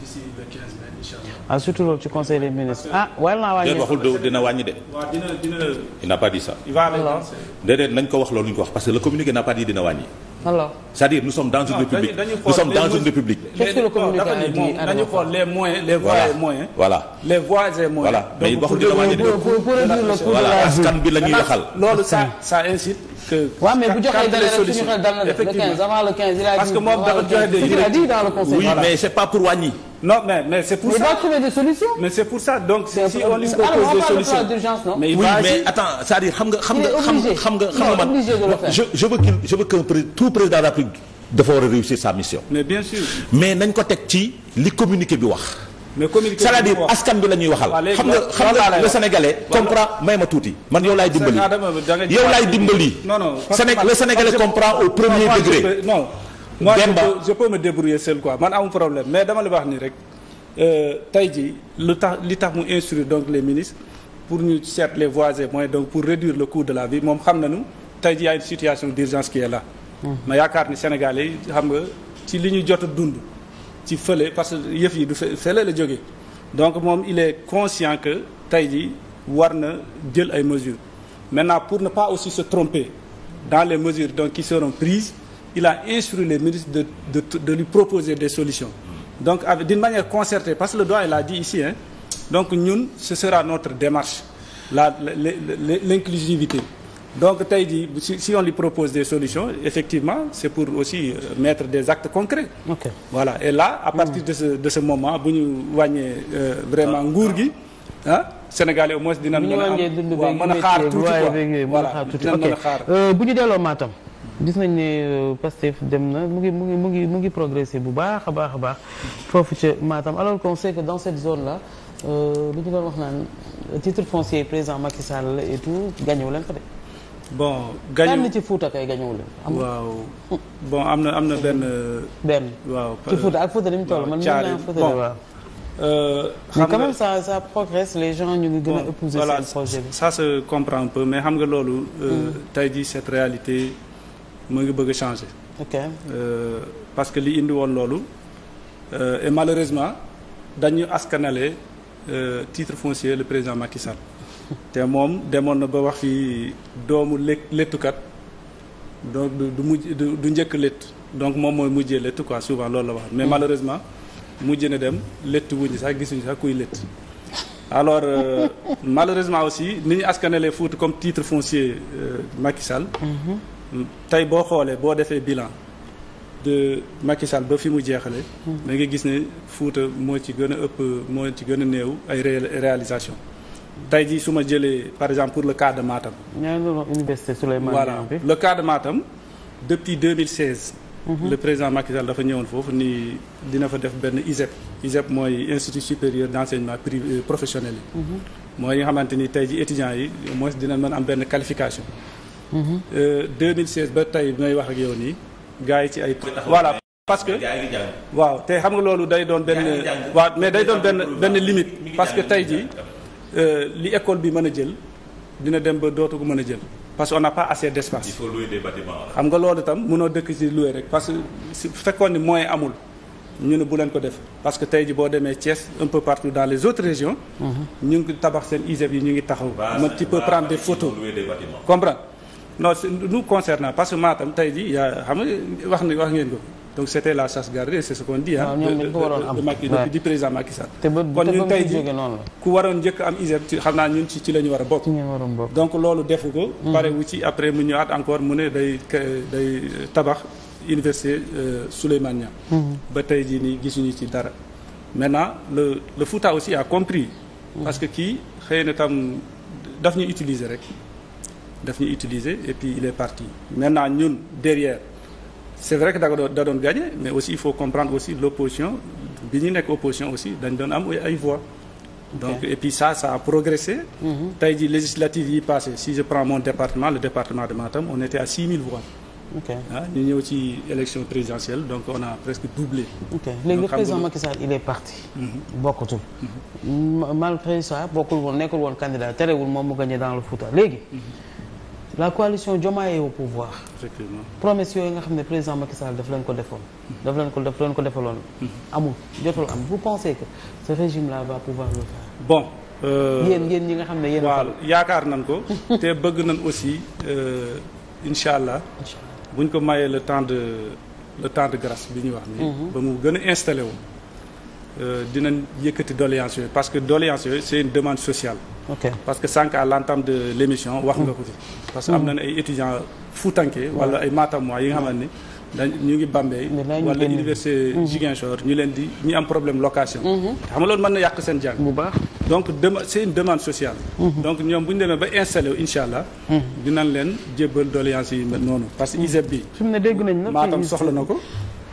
d'ici le 15 mai incha allah. ah surtout loolu ci conseil des ministres. ah wala naa wàññi waxul dina wàññi de. waaw dina dina. il n'a pas dit ça. nañ ko wax loolu ñu ko wax parce que communiqué n'a pas dina wàññi. alors c'est-à-dire dans une république nous sommes dans une république. qu'est-ce que le communiqué a waxul dina wàññi de. pour pour bi la ñuy loolu ça ça incite. que. waaw mais bu parce que moom mais c'est pas pour wàññi. non mais c'est pour ça. il doit trouver des solutions. mais c'est pour ça donc. si on lui propose des solutions mais oui mais attends je veux je tout président la République dafa war réussir sa mission. mais bien li communiqué bi mais communiqué cest à askan bi la ñuy waxal. xam nga xam nga le sénégalais. comprend may ma tuuti. man yow laay dimbali yow laay dimbali. non non le sénégalais comprend au premier degré. non moi je peux me débrouiller seul quoi man am problème mais dama la wax nii rek euh, tey jii lu tax li tax mu instruire donc les ministres pour ñu seet les voies et moyens donc pour réduire le coût de la vie moom xam nañu tey jii y a une situation d'urgence qui est là. Mmh. ma yaakaar ni sénégalais yi xam nga ci li ñu jot a dund. ci fële parce que yëf yi du fële la jógee donc moom il est conscient que tey jii war na jël ay mesures maintenant pour ne pas aussi se tromper dans les mesures donc qui seront prises il a instruit les ministres de de de lui proposer des solutions donc avec d'une manière concertée parce que le doyen l'a dit ici hein donc ñun ce sera notre démarche la l'inclusivité donc tey jii si si on lui propose des solutions effectivement c'est pour aussi euh, mettre des actes concrets. Okay. voilà et là à partir de ce moment bu ñu wàññee euh, vraiment ah. nguur gi ah. Sénégalais au moins dinañ mën a am a xaar tuuti quoi voilà dinañ mën euh, bu ñu delloo maatam gis nañ ne Pastef dem na mu ngi mu ngi mu ngi mu ngi progressé bu baax a baax a baax foofu ca Matam alors qu'on sait que dans cette zone là lu ñu doon wax naan titre foncier président Macky Sall et tout gagné wu leen fa de. bon gañu benn ci Fouta kay gañu leen. waaw bon am na am na benn. benn waaw ci Fouta ak Fouta dañu toll man. caare bon euh, xam nga quand même ça ça les gens ñu ngi gën a épouser seen projet bi. ça se comprend un mais xam nga loolu. Euh, hmm. tey jii cette réalité mu ngi bëgg a changer. ok euh, parce que li indi woon loolu et malheureusement dañu askanale titre foncier le président Macky te moom demoon na ba wax fi doomu lé léttukat donc du mujj du njëkk létt donc moom mooy mujjee létt quoi souvent loolu la wax mais mm. malheureusement mujj na dem létt wuñu sax gisuñu sax kuy létt alors euh, malheureusement aussi ni ñu askanalee Fouta comme titre foncier euh, mm-hmm. tey boo xoolee boo defee bilan de Macky ba fi mu jeexale mm. da nga gis ne Fouta moo ci gën a ëpp moo ci gën a néew ay réalisation tey ji su ma jëlee par exemple pour le cas de Matam. université Souleymane voilà le cas de Matam depuis 2016. Mhm. le président Macky Sall dafa ñëwoon foofu ni dina fa def benn ISEP. ISEP mooy institut supérieur d' enseignement privé euh, professionnel yi. Mhm. mooy yi nga xamante ni tey jii étudiants yi au moins dina mën am benn qualification. 2016 mhm. euh, ba tey bi may wax ak yow nii gars ci ay. parce que waaw te xam nga loolu day doon benn. waaw mais day doon benn benn limite. parce que tey jii. Euh, li école bi mën a jël dina dem ba dootu ko mën a jël parce que on n'a pas assez d'espace. il faut xam nga loolu tam mënoo dëkk ci louer rek parce que su fekkoon ni mooy amul ñu ne bu leen ko def parce que tey ji boo demee Thiès un peu partout dans les autres régions. Mhm. ñu ngi tabax seen ISEP yi ñu ngi taxaw. man tu peux prendre des photos. comprendre non nous concernant parce que Matam tey ji yaa xam nga wax ni wax ngeen ko. donc c'était la chasse gardée c'est ce qu'on dit ah. de Macky du président Macky Sall. te ba kon ñun tey jii ku waroon njëkk am ISEP ci xam naa ñun ci ci la ñu war a bokk. donc loolu defu ko. Mm. pare wu ci après mu ñëwaat encore mu ne day day tabax université euh, Souleymane Niang. Mm-hmm. ba tey jii nii gisuñu ci dara. maintenant le le Fouta aussi a compris. Mm. parce que kii xëy na tam daf ñu utiliser rek. daf ñu utiliser et puis il est parti maintenant ñun derrière. c'est vrai que da doon da doon gagné mais aussi il faut comprendre aussi l'opposition bi ñu nekk opposition aussi dañ doon am ay voix donc et puis ça ça a progressé mhm. tey jii législative yi passé si je prends mon département le département de Matam on était à 6000 voix ah ñu ñëw ci élection présidentielle donc on a presque doublé ok léegi le président Macky Sall il est parti mhm. bokkatul mhm. malgré ça bokkul woon nekkul woon candidat terewul moom mu gagné dans la coalition Diomaye est au pouvoir. effectivement promesse yooyu nga xam ne président Macky Sall daf leen ko defoon. daf leen ko daf leen ko defaloon. Mhm. amul jotul am vous pensez que ce régime là va pouvoir le faire. bon. Euh, yéen yéen ñi nga xam ne yéen. waaw yaakaar nañ ko. te bëgg nan aussi euh, incha allah. bu ñu ko mayee le temps de le de grâce bi ñuy wax nii. Mhm. ba mu gën a installé wu. Euh, dinañ yëkkati doléance yooyu parce que doléance yooyu c'est une demande sociale. ok parce que sànq à l'entame de l'émission wax nga ko fi. Mm. parce que am nañu ay étudiants fuutanke wala ay maatamuwaay yi nga xamante ni dañ ñu ngi Bambey. wala université mm-hmm. Ziguinchor ñu leen di ñu am problème location. Mm-hmm. xam nga na yàq seen jàng. donc demande sociale. Mm-hmm. donc ñoom bu demee ba installé wu allah. dinañ leen jébbal doléance yi noonu. parce que ISEP bi. maatam soxla na ko.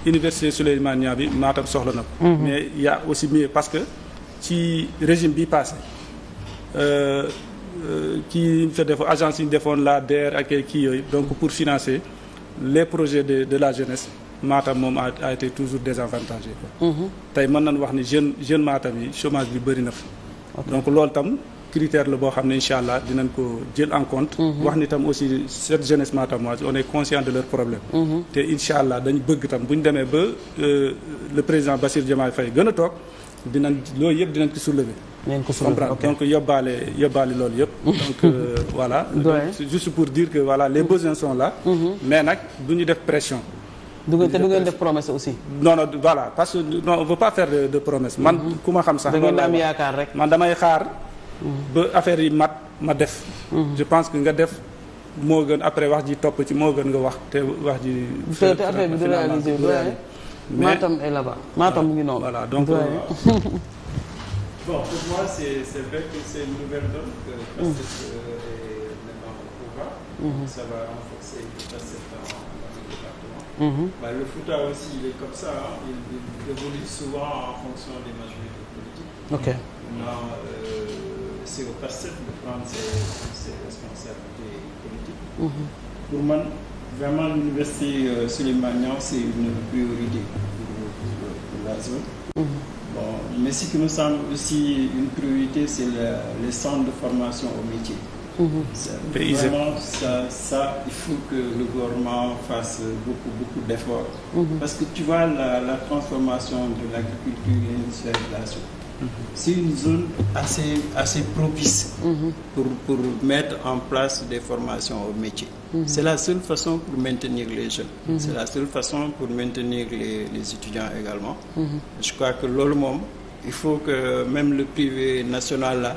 université Souleymane Niang bi maatam soxla na ko. mais y a aussi mieux Euh, euh, kii fi def agence yi ñu defoon la DER ak kii yooyu donc pour financer les projets de de la jeunesse maatam moom a été toujours désavantagé quoi. Mhm. tey mën nañu wax ni jeune jeune Matam yi chômage bi bëri na fa. donc loolu tam critère la boo xam ne incha allah dinañ ko jël en compte. Mhm. wax ni tam aussi cette jeunesse matamoise on est conscient de leurs problèmes. Mhm. te incha allah dañ bëgg tam bu ñu demee ba euh, le président Bassirou Diomaye fay gën a toog dinañ loolu yëpp dinañ ko soulever. ngeen ko comprendre donc yóbbaale yóbbaale loolu yëpp. Mmh. donc euh, voilà. c'est juste pour dire que voilà les mmh. besoins sont la mmh. mais nag du ñu def pression. du ngeen te du ngeen def promesse aussi. non non voilà parce que non on de de man ku ma xam sax. da ngeen am yaakaar rek man damay xaar. ba affaire yi mat ma def. je pense que nga def. moo gën après wax ji topp ci moo gën nga wax te wax ji. te affaire bi du réalisé Matam est là-bas Matam mu ngi noonu. voilà donc. Bon, pour moi, c'est vrai que c'est une nouvelle donne que PASTEF mmh. euh, est mmh. le mmh. Fouta aussi, il est comme Il, évolue souvent en fonction des majorités politiques. Ok. Maintenant, euh, c'est au PASTEF e de prendre ses, ses responsabilités politiques. Pour moi, vraiment, l'université euh, c'est une priorité pour, la zone. Mm Bon, mais ce qui nous semble aussi une priorité, c'est le, les centres de formation au métier. Mmh. Ça, vraiment, ça, ça, il faut que le gouvernement fasse beaucoup, d'efforts. Mmh. Parce que tu vois, la, la transformation de l'agriculture, l'industrialisation, c'est une zone assez, assez propice pour, pour mettre en place des formations au métier. C'est la seule façon pour maintenir les jeunes. C'est la seule façon pour maintenir les, étudiants également. Je crois que loolu moom il faut que même le privé national là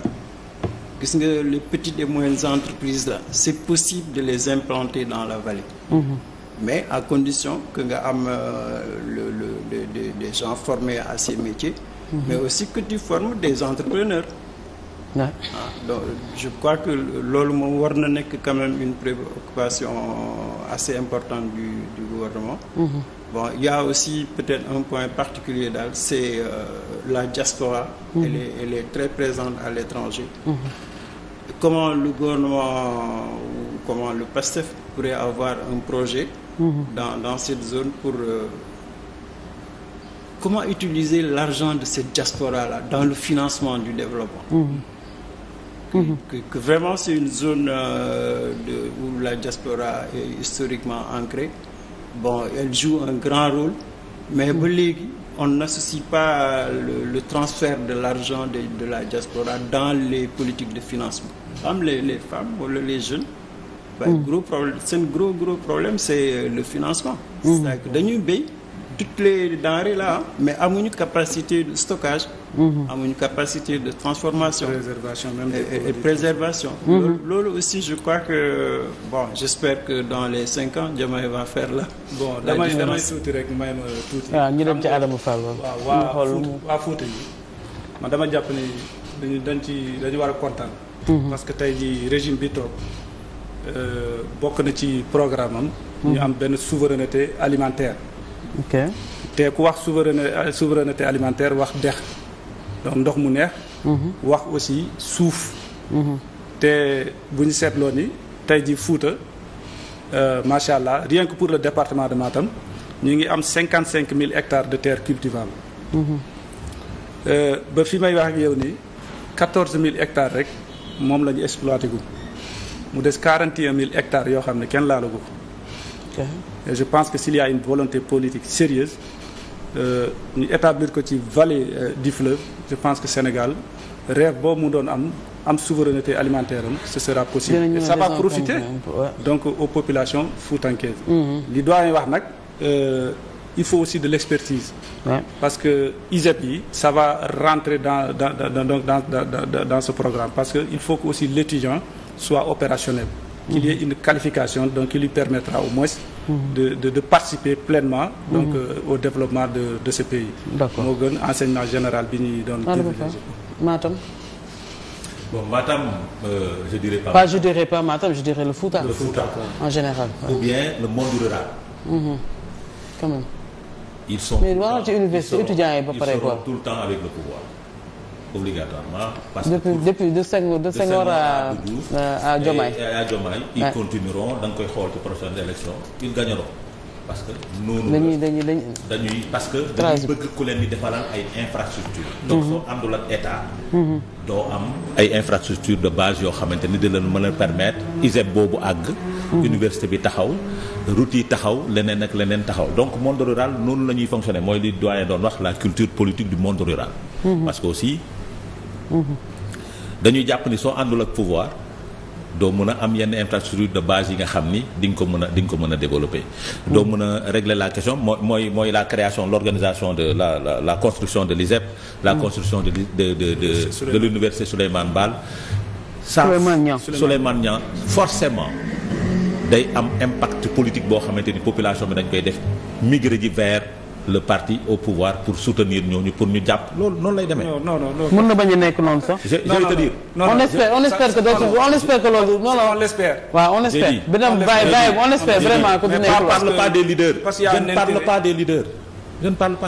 gis nga les petites et moyennes entreprises là c'est possible de les implanter dans la vallée. mais à condition que nga am euh, le le des gens formés à ces métiers. mais aussi que tu formes des entrepreneurs. Ah, je crois que loolu moom war na nekk quand même une préoccupation assez importante du du gouvernement. Mm il y a aussi peut-être un point particulier daal c'est euh, la diaspora. Mm -hmm. elle est très présente à l'étranger. Mm -hmm. comment le gouvernement ou comment le PASTEF pourrait avoir un projet. Mhm. dans dans cette zone pour. Euh, comment utiliser l'argent de cette diaspora-là dans le financement du développement mmh. Mmh. vraiment c'est une zone euh, où la diaspora est historiquement ancrée. Bon, elle joue un grand rôle, mais mmh. on n'associe pas le, le, transfert de l'argent de, de, la diaspora dans les politiques de financement. Comme les, les femmes ou les jeunes, ben, mmh. gros c'est un gros, problème, c'est euh, le financement. Mmh. C'est-à-dire que toutes les denrées là mais amuñu capacité de stockage. Mhm. amuñu capacité de transformation. préservation même et, et préservation. Mhm. loolu aussi je crois que bon j'espère que dans les cinq ans Diomaye va faire là. bon damay damay rek may ma tuuti. Ah, waaw ñu ci Adama Fall. waaw waa Fouta yi man dama jàpp ni dañu dañ ci dañu war a kontaan. Mhm. parce que tey jii régime bi toog euh, bokk na ci programme am. ñu am benn souveraineté alimentaire. ok te ku wax souveraineté souveraineté alimentaire wax dex donc ndox mu neex. Mhm. wax aussi suuf. Mhm. te bu ñu seetloo ni tey ji Fuuta euh, macha allah rien que pour le département de ñu ngi am cinquante cinq mille hectares de terre cultivable. Mhm. Euh, ba fi may wax ak yow nii quatorze mille hectares rek moom la ñu exploité gu mu des quarante et un hectares yoo xam ne kenn laalagu ko. je pense que s'il y a une volonté politique sérieuse euh, établir ko ci vallée euh, du fleuve je pense que Sénégal rêve boobu mu doon am am souveraineté alimentaire am ce sera possible et ça profiter donc aux populations foutanquaises mm-hmm. li doyen wax nag euh, il faut aussi de l'expertise ouais. parce que ISEP yi ça va rentrer dans dans dans, dans dans ce programme parce que il faut que aussi l'étudiant soit opérationnel qu'il y ait une qualification donc qui lui permettra au moins mm-hmm. de de, de participer pleinement donc mm-hmm. euh, au développement de de ce pays moo gën enseignement général bi ñuy doon ah, Matam bon Matam euh, je dirais pas pas je dirais pas Matam je dirais le Fouta le Fouta en général ou bien le monde rural mmh. quand même ils sont mais voilà ci université étudiants yi ba pare quoi ils seront tout le temps avec le pouvoir obligatoirement. parce que depuis depuis de Senghor de Senghor à à da nga koy xool ci prochaine élection ils gagneront parce que. noonu dañuy dañuy dañuy parce que. dañuy bëgg ku leen di defalal ay infrastructures. donc mhm. soo àndul ak mhm. doo am ay infrastructures de base yoo xamante ni di leen mën a permettre ISEP boobu àgg. Mhm. université bi taxaw route yi taxaw leneen ak leneen taxaw donc monde rural noonu la ñuy fonctionner mooy li doyen doon wax la culture politique du monde rural. parce que aussi. dañuy jàpp ni soo àndul ak pouvoir doo mun a am yenn infrastructure de base yi nga xam ni di nga ko mën a di nga ko mën a développer. doo mën a régler la question mooy mooy mooy la création l'organisation de la la la construction de l'ISEP. la mm. construction de de de de de l'université Souleymane Baal. Souleymane Niang Souleymane Niang forcément day am impact politique boo xamante ni population bi dañ koy def migrer ji vers. le parti au pouvoir pour soutenir ñooñu pour ñu jàpp loolu noonu lay demee. non non na bañ a nekk noonu sax. je je te dire. on espère on espère que on espère que loolu non non on l'espère. waaw on espère bi dem bàyyi bàyyi espère vraiment que du nekk. parce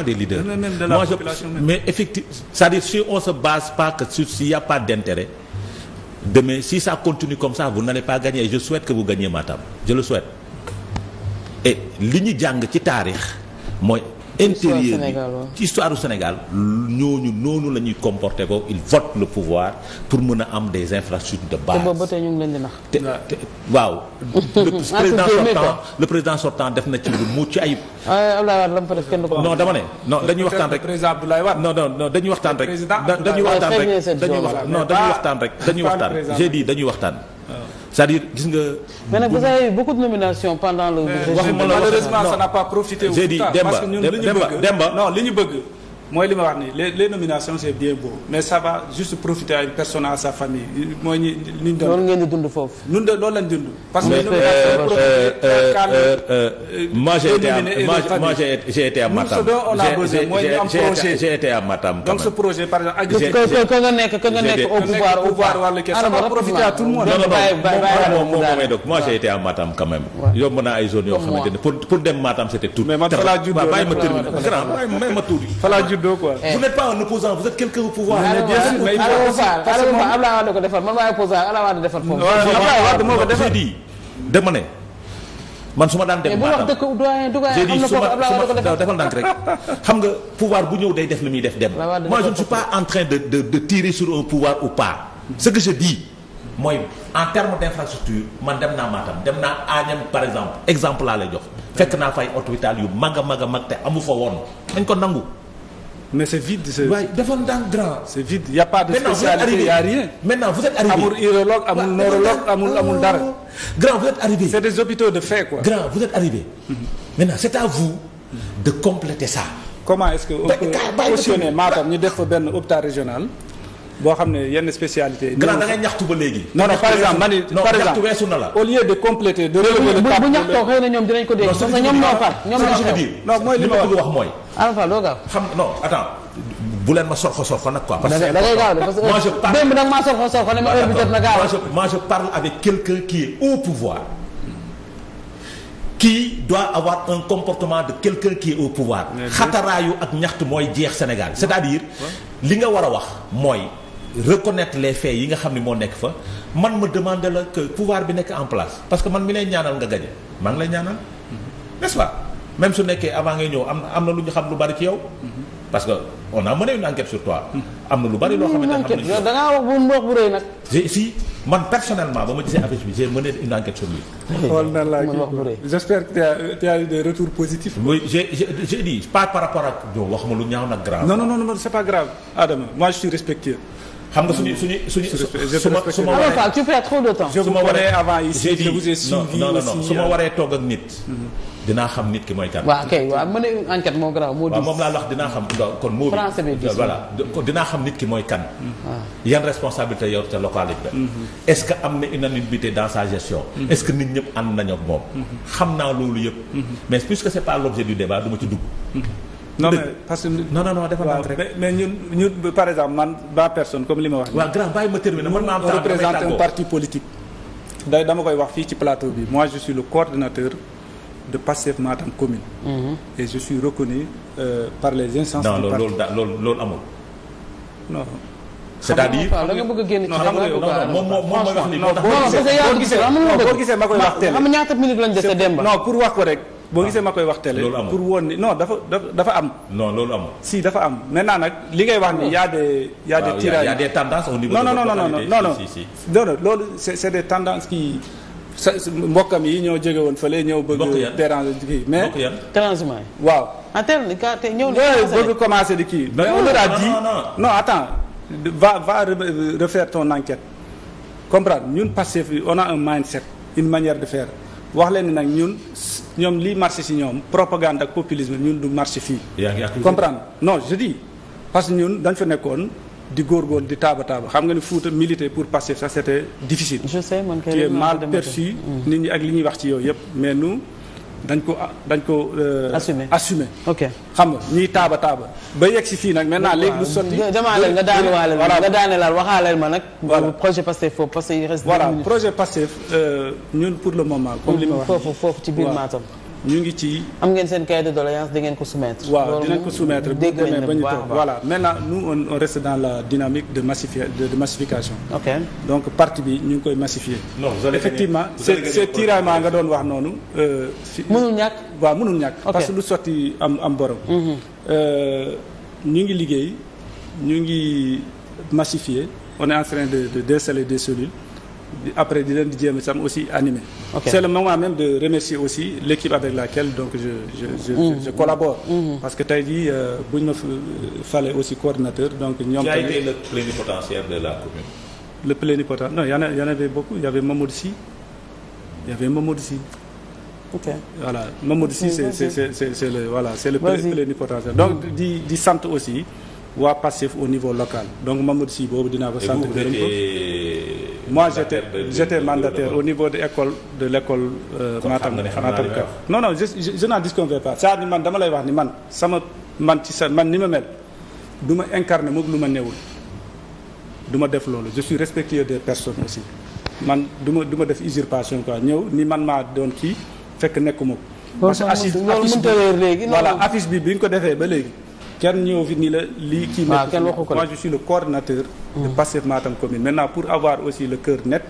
de la population mais effectivement si on se base pas que sur s'il y a pas si ça continue comme ça vous n'allez pas gagner et je souhaite que vous gagnez Matam je le souhaite li ñu jàng ci taarix mooy. intérieur bi ci histoire du Sénégal ñooñu noonu la ñuy comporté ko il vote le pouvoir pour mën a am des infrastructures de base. te te waaw. le président ah, sortant le président sortant def na ci lu mucc ayib. Ah, non dama ne. non dañuy waxtaan rek président Abdoulaye Wade non non dañuy waxtaan rek. dañuy ah. waxtaan rek dañuy waxtaan rek dañuy waxtaan. dañuy waxtaan. c'est-à-dire gis nga. mais nag vous avez eu beaucoup de nominations pendant le. waxuma la malheureusement ça n'a pas profité. au tout parce que ñun li ñu bëgg Demba Demba non ñu bëgg. mooy li ma wax nii les les nominations c'est bien beau mais ça va juste profiter une personne sa famille mooy ngeen di dund foofu. ñun lool loolu lañ parce que euh, euh, euh, moi j'ai été à Matam. j'ai été à Matam. donc ce projet par exemple. que nga nekk que nga nekk au pouvoir au pouvoir wàllu kese. ça va profiter à tout le monde. moi j'ai été à Matam quand yomb naa ay zones yoo xamante ne pour pour dem Matam c'était tout. mais man fa laa juddoo juddoo quoi. vous n'êtes pas un opposant vous êtes quelqu'un au pouvoir. mais Abdoulaye Wade ko defar man maay foofu. Abdoulaye Wade moo ko defar di dama ne man su ma daan dem. maanaam mais bu wax dëkk doyen Duga yi am na foofu Abdoulaye Wade ko defar defal ndànk rek xam nga pouvoir bu ñëw day def li muy def dem. moi je ne suis pas en mooy en terme d'infrastructure man dem naa Matam dem naa Agnam par exemple exemple laa lay jox fekk naa fay hôpital yu mag a mag a mag te amu fa woon dañ ko nangu. mais c'est vide c'est waaye dafa ndànk grand. c'est vide y a pas de spécialité y a rien. maintenant vous êtes arrivé grand vous êtes arrivé. c'est des hôpitaux de fait grand vous êtes arrivé. Mhm. maintenant c'est à vous de compléter ça. comment est-ce que on peut cautionner Matam ñu def fa benn hôpital régional. boo xam ne yenn spécialité. grand da ngay ñaxtu ba léegi. non non par exemple man par exemple weesu na la. au lieu de compléter de relever le cap bu ñaxtoo xëy na ñoom dinañ ko dégg. parce que ñoom ñoo far ñoom ñoo xew non mooy li ma bëgg wax mooy. Ah, Alpha loo gaaw xam non attends bu leen ma sorxo sorxo nag quoi. parce que da ngay gaaw de parce que moi je parle démb nag maa sorxo sorxo ne ma heure bi jot na gaaw. moi je parle avec quelqu'un qui est au pouvoir. qui doit avoir un comportement de quelqu'un qui est au pouvoir. xataraayu ak ñaxtu mooy jeex Sénégal c'est-à-dire li nga war a wax mooy reconnaître les faits yi nga xam ni moo nekk fa man ma demander la que pouvoir bi nekk en place parce que man mi lay ñaanal nga gañe maa ngi lay ñaanal mm-hmm. nest su nekkee avant ngay ñëw am am na lu ñu xam lu bari ci yow mm-hmm. parce que on mm-hmm. na lu bari loo xamante ne man personnellement ba ma gisee affiche bi j'ai mené une enquête sur lui wax ma lu ñaaw nag grave non non xam nga suñu suñu su ma su ma su ma waree avant ici je su ma waree togg ak nit. Mhm. dinaa xam nit ki mooy kan. waaw kay waaw mën a enquête moo garaaw moo. moom laa wax dinaa xam kon dinaa xam nit ki mooy kan. Mhm. yan responsabilité yor te localité. Mhm. est ce que am na unanimité dans sa gestion. est ce que nit ñëpp ànd nañu ak moom. xam naa loolu yëpp. mais puisque c' est pas l' objet du ci dugg. non mais parce que. non non par exemple man ba personne comme li ma wax. waaw ma représente un parti politique. day dama koy wax fii ci plateau bi moi je suis le coordonnateur de Pastef Matam commune. et je suis reconnu par les instances. loolu amul. non. c'est-à-dire xam nga bëgg a génn ci moom moom mooy wax ni. non boo gisee boo gisee ma koy wax teel. xam nga ñaata minutes lañ dese dem ba. non pour wax ko rek. boo gisee ma koy wax télé pour woon ni non dafa dafa am. non loolu amul. si dafa am maintenant nag li ngay wax ni y' a des. y' a des tiraillements y' a des tendances au niveau. non non non non loolu c'est c'est des tendances qui. sa mbokkam yi ñoo jege woon fële ñëw bëgg. déranger kii mais dérangement waaw. en terme ka te ñëw bëgg commencer di kii. mais on a dit non attends va va refaire ton enquête comprendre ñun passé fi on a un mindset une manière de faire. wax leen ni nag ñun ñoom liy marché si ñoom propagande ak populisme ñun du marché fii. comprendre non je dis parce que ñun dañ fa nekkoon di góor góorgóorlu di taaba taaba xam nga ni Fouta militer pour passer ça c'était difficile. je sais mal perçu nit ñi ak li ñuy wax ci yooyu yëpp mais nous. dañ ko dañ ko. Euh, assumer assumer. ok xam nga ñuy taaba taaba. ba yegg si fii nag maintenant léegi lu sotti. jamaale nga daane waale nga daane laal waxaaleel ma nag. projet Pastef foofu parce que il reste. voilà projet Pastef euh, ñun pour le moment. comme li ma wax foofu foofu ci biir Matam. ñu ngi ci. am ngeen seen cahier de di dangeen ko soumettre. waaw dinañ ko soumettre bu demee ba ñu toog voilà maintenant nous on, on reste dans la dynamique de massifi de, de massification. donc parti bi ñu ngi koy massifier. non effectivement c'est c'est tiraillement nga doon wax noonu. Euh, si mënul ñàkk. waaw mënul ñàkk. parce que lu sotti am am borom. Mhm. Euh, ñu ngi liggéey ñu ngi massifier on est en train de de d'installer des cellules. après di leen di jéem sam aussi animé okay. c'est le moment même de remercier aussi l'équipe avec laquelle donc je mm. collabore mm. Mm. parce que tey jii euh, bu ma euh, fale aussi coordinateur donc ñoom tamit. qui a été le plénipotentiaire de la commune. le plénipotentiaire non y en a y en avait beaucoup y avait Mamadou Sy y avait Mamadou Sy. ok voilà Mamadou Sy c'est c'est c'est c'est le voilà c'est donc di di sant aussi. waa Pastef au niveau local donc Mamadou Sy boobu dinaa ko sant gërëm ko moi j'étais j'étais au niveau de école de l'école euh, Matam Matam Ka non non je je n'en disconviens pas saa ni man dama lay wax ni man sama man ci sa man ni ma mel du ma incarné moom lu ma newul du ma def loolu je suis respectueux des personnes aussi man du ma du ma def usurpation quoi ñëw ni man maa doon kii fekk nekkuma ko parce que affiche bi bi bi nga ko defee ba léegi kenn ñëw fi nii la lii kii nekk moi je suis le coordinateur de hmm. Pastef Matam commune maintenant pour avoir aussi le cœur net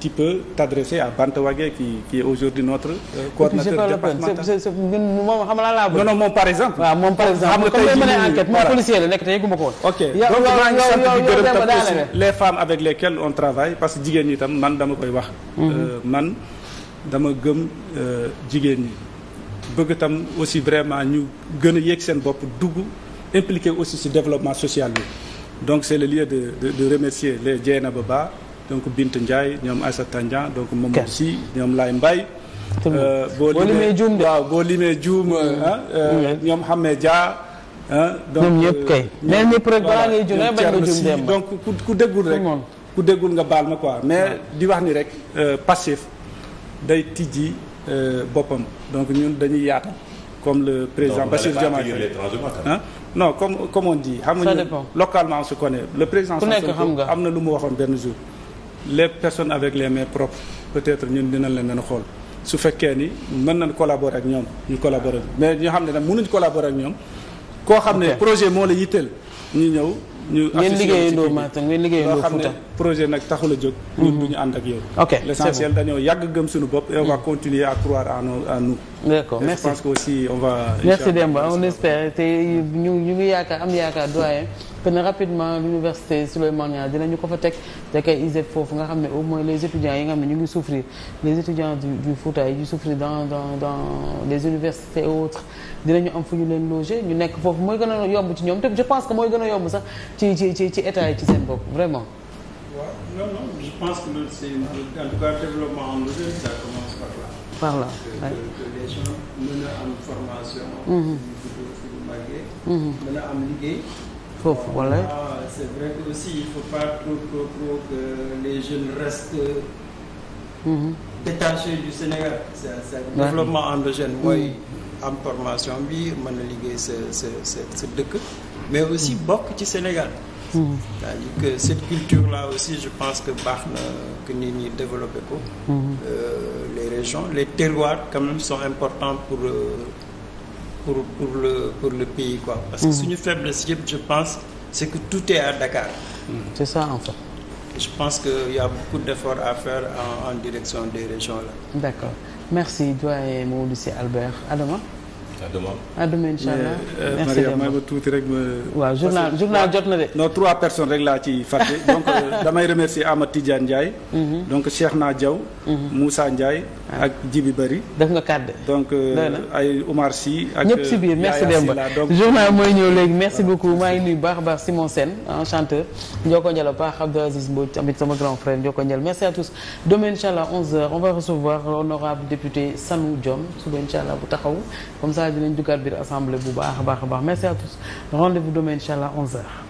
tu peux t'adresser à Bantawagé qui qui est aujourd'hui notre euh, coordinateur départemental moom xam la laa non non moom par exemple waaw moom par exemple comme day mener enquête moom policier la nekk te yëguma ko woon ok donc maa ngi sant di gërëm tam aussi les femmes avec lesquelles on travaille parce que jigéen ñi tam man dama koy wax mhm. euh, man dama gëm euh, jigéen ñi bëgg tam aussi vraiment ñu gën a yéeg seen bopp dugg impliqué aussi ci développement social bi donc c' est le lieu de de, de remercier les Dieynaba Ba donc Bint Ndiaye ñoom Aïssata Tandian donc Mamadou Sy ñoom Laye Mbaye euh, boo limee juum boo limee juum euh, ah, euh, ñoom xammee Dia ah, donc ñëpp kay mais ñëpp rek balaa ngay juum bañ ku déggul rek ku déggul nga baal ma quoi mais di wax ni rek passif day tijji boppam donc ñun dañuy yaatal comme le ba Bassirou Diomaye Faye non comme comme on dit. xam nga localement on se connaît. le président Sonko am na lu mu waxoon benn jour. les personnes avec les mains propres peut-être ñun dinañ leen mën a xool su fekkee ni mën nañ collaborer ak ñoom ñu collaborer mais ñoo xam ne nag mënuñ collaborer ak ñoom. koo xam ne projet moo la yitteel ñu ñëw. ñu ngeen liggéeyandoo Matam ngeen liggéeyandoo Fouta loo xam ne projet nag taxul a jóg. Mhm. ñun du ñu ànd ak yow. ok c'est bon l'essentiel dañoo yàgg gëm suñu bopp et on va mhm. continuer à croire en nous en nous. d'accord merci je pense que aussi on va. merci Demba on espère te ñu ñu ngi yaakaar am yaakaar doyen. que ne rapidement l'université Souleymane Niass dinañu ko fa teg teg ay ISEP foofu nga xam ne au moins les étudiants yi nga xam ne ñu ngi souffrir les étudiants du du Fouta yi ñu souffrir dans dans dans les universités et autres. dinañu am fu ñu leen loger ñu nekk foofu mooy gën a yomb ci ñoom te je pense que mooy gën a yomb sax ci ci ci ci état ci seen bopp vraiment. waaw non par là. par là que que am formation. Mm-hmm. ñu dugg mm-hmm. am liggéey. foofu wala c'est vrai que aussi il faut pas trop trop trop que les jeunes restent. Mm-hmm. détachés du Sénégal. développement endogène mooy. am formation bi mën na liggéey sa sa sa dëkk mais aussi hmm. bokk ci Sénégal hmm. c'est-à-dire que cette culture là aussi je pense que baax na que nit ñi développé ko hmm. euh, les régions les terroirs quand même sont importants pour euh, pour pour le pour le pays quoi parce que suñu faiblesse yëpp je pense c'est que tout est à Dakar c'est ça en fait je pense que y a beaucoup d'efforts à faire en, en direction des régions là d'accord merci doyen Maodo Sy Albert Adama. Adama Adama incha allah. Euh, merci Maria maa tuuti rek ma. waaw journal journal jot na de. non trois personnes rek laa ci fàtte donc euh, damay remercier Amath Tidiane Ndiaye. Mhm. donc Cheikh Na Diaw. Mm-hmm. Moussa Ndiaye ah. ak Djibi Bari def nga kàdde donc euh, ay Oumar Sy si biir euh, merci Demba journal mooy ñëw léegi merci beaucoup maa ngi nuyu baax a baax Simon Sène chanteur njoko njal a baax Abdou Aziz Mbodj sama grand frère njoko njal merci à tous demain inchallah 11h on va recevoir l'honorable député Sanou Diome suba inchallah bu taxaw comme ça dinañ duggaat biir assemblée bu baax a baax baax merci à tous rendez-vous demain inchallah 11h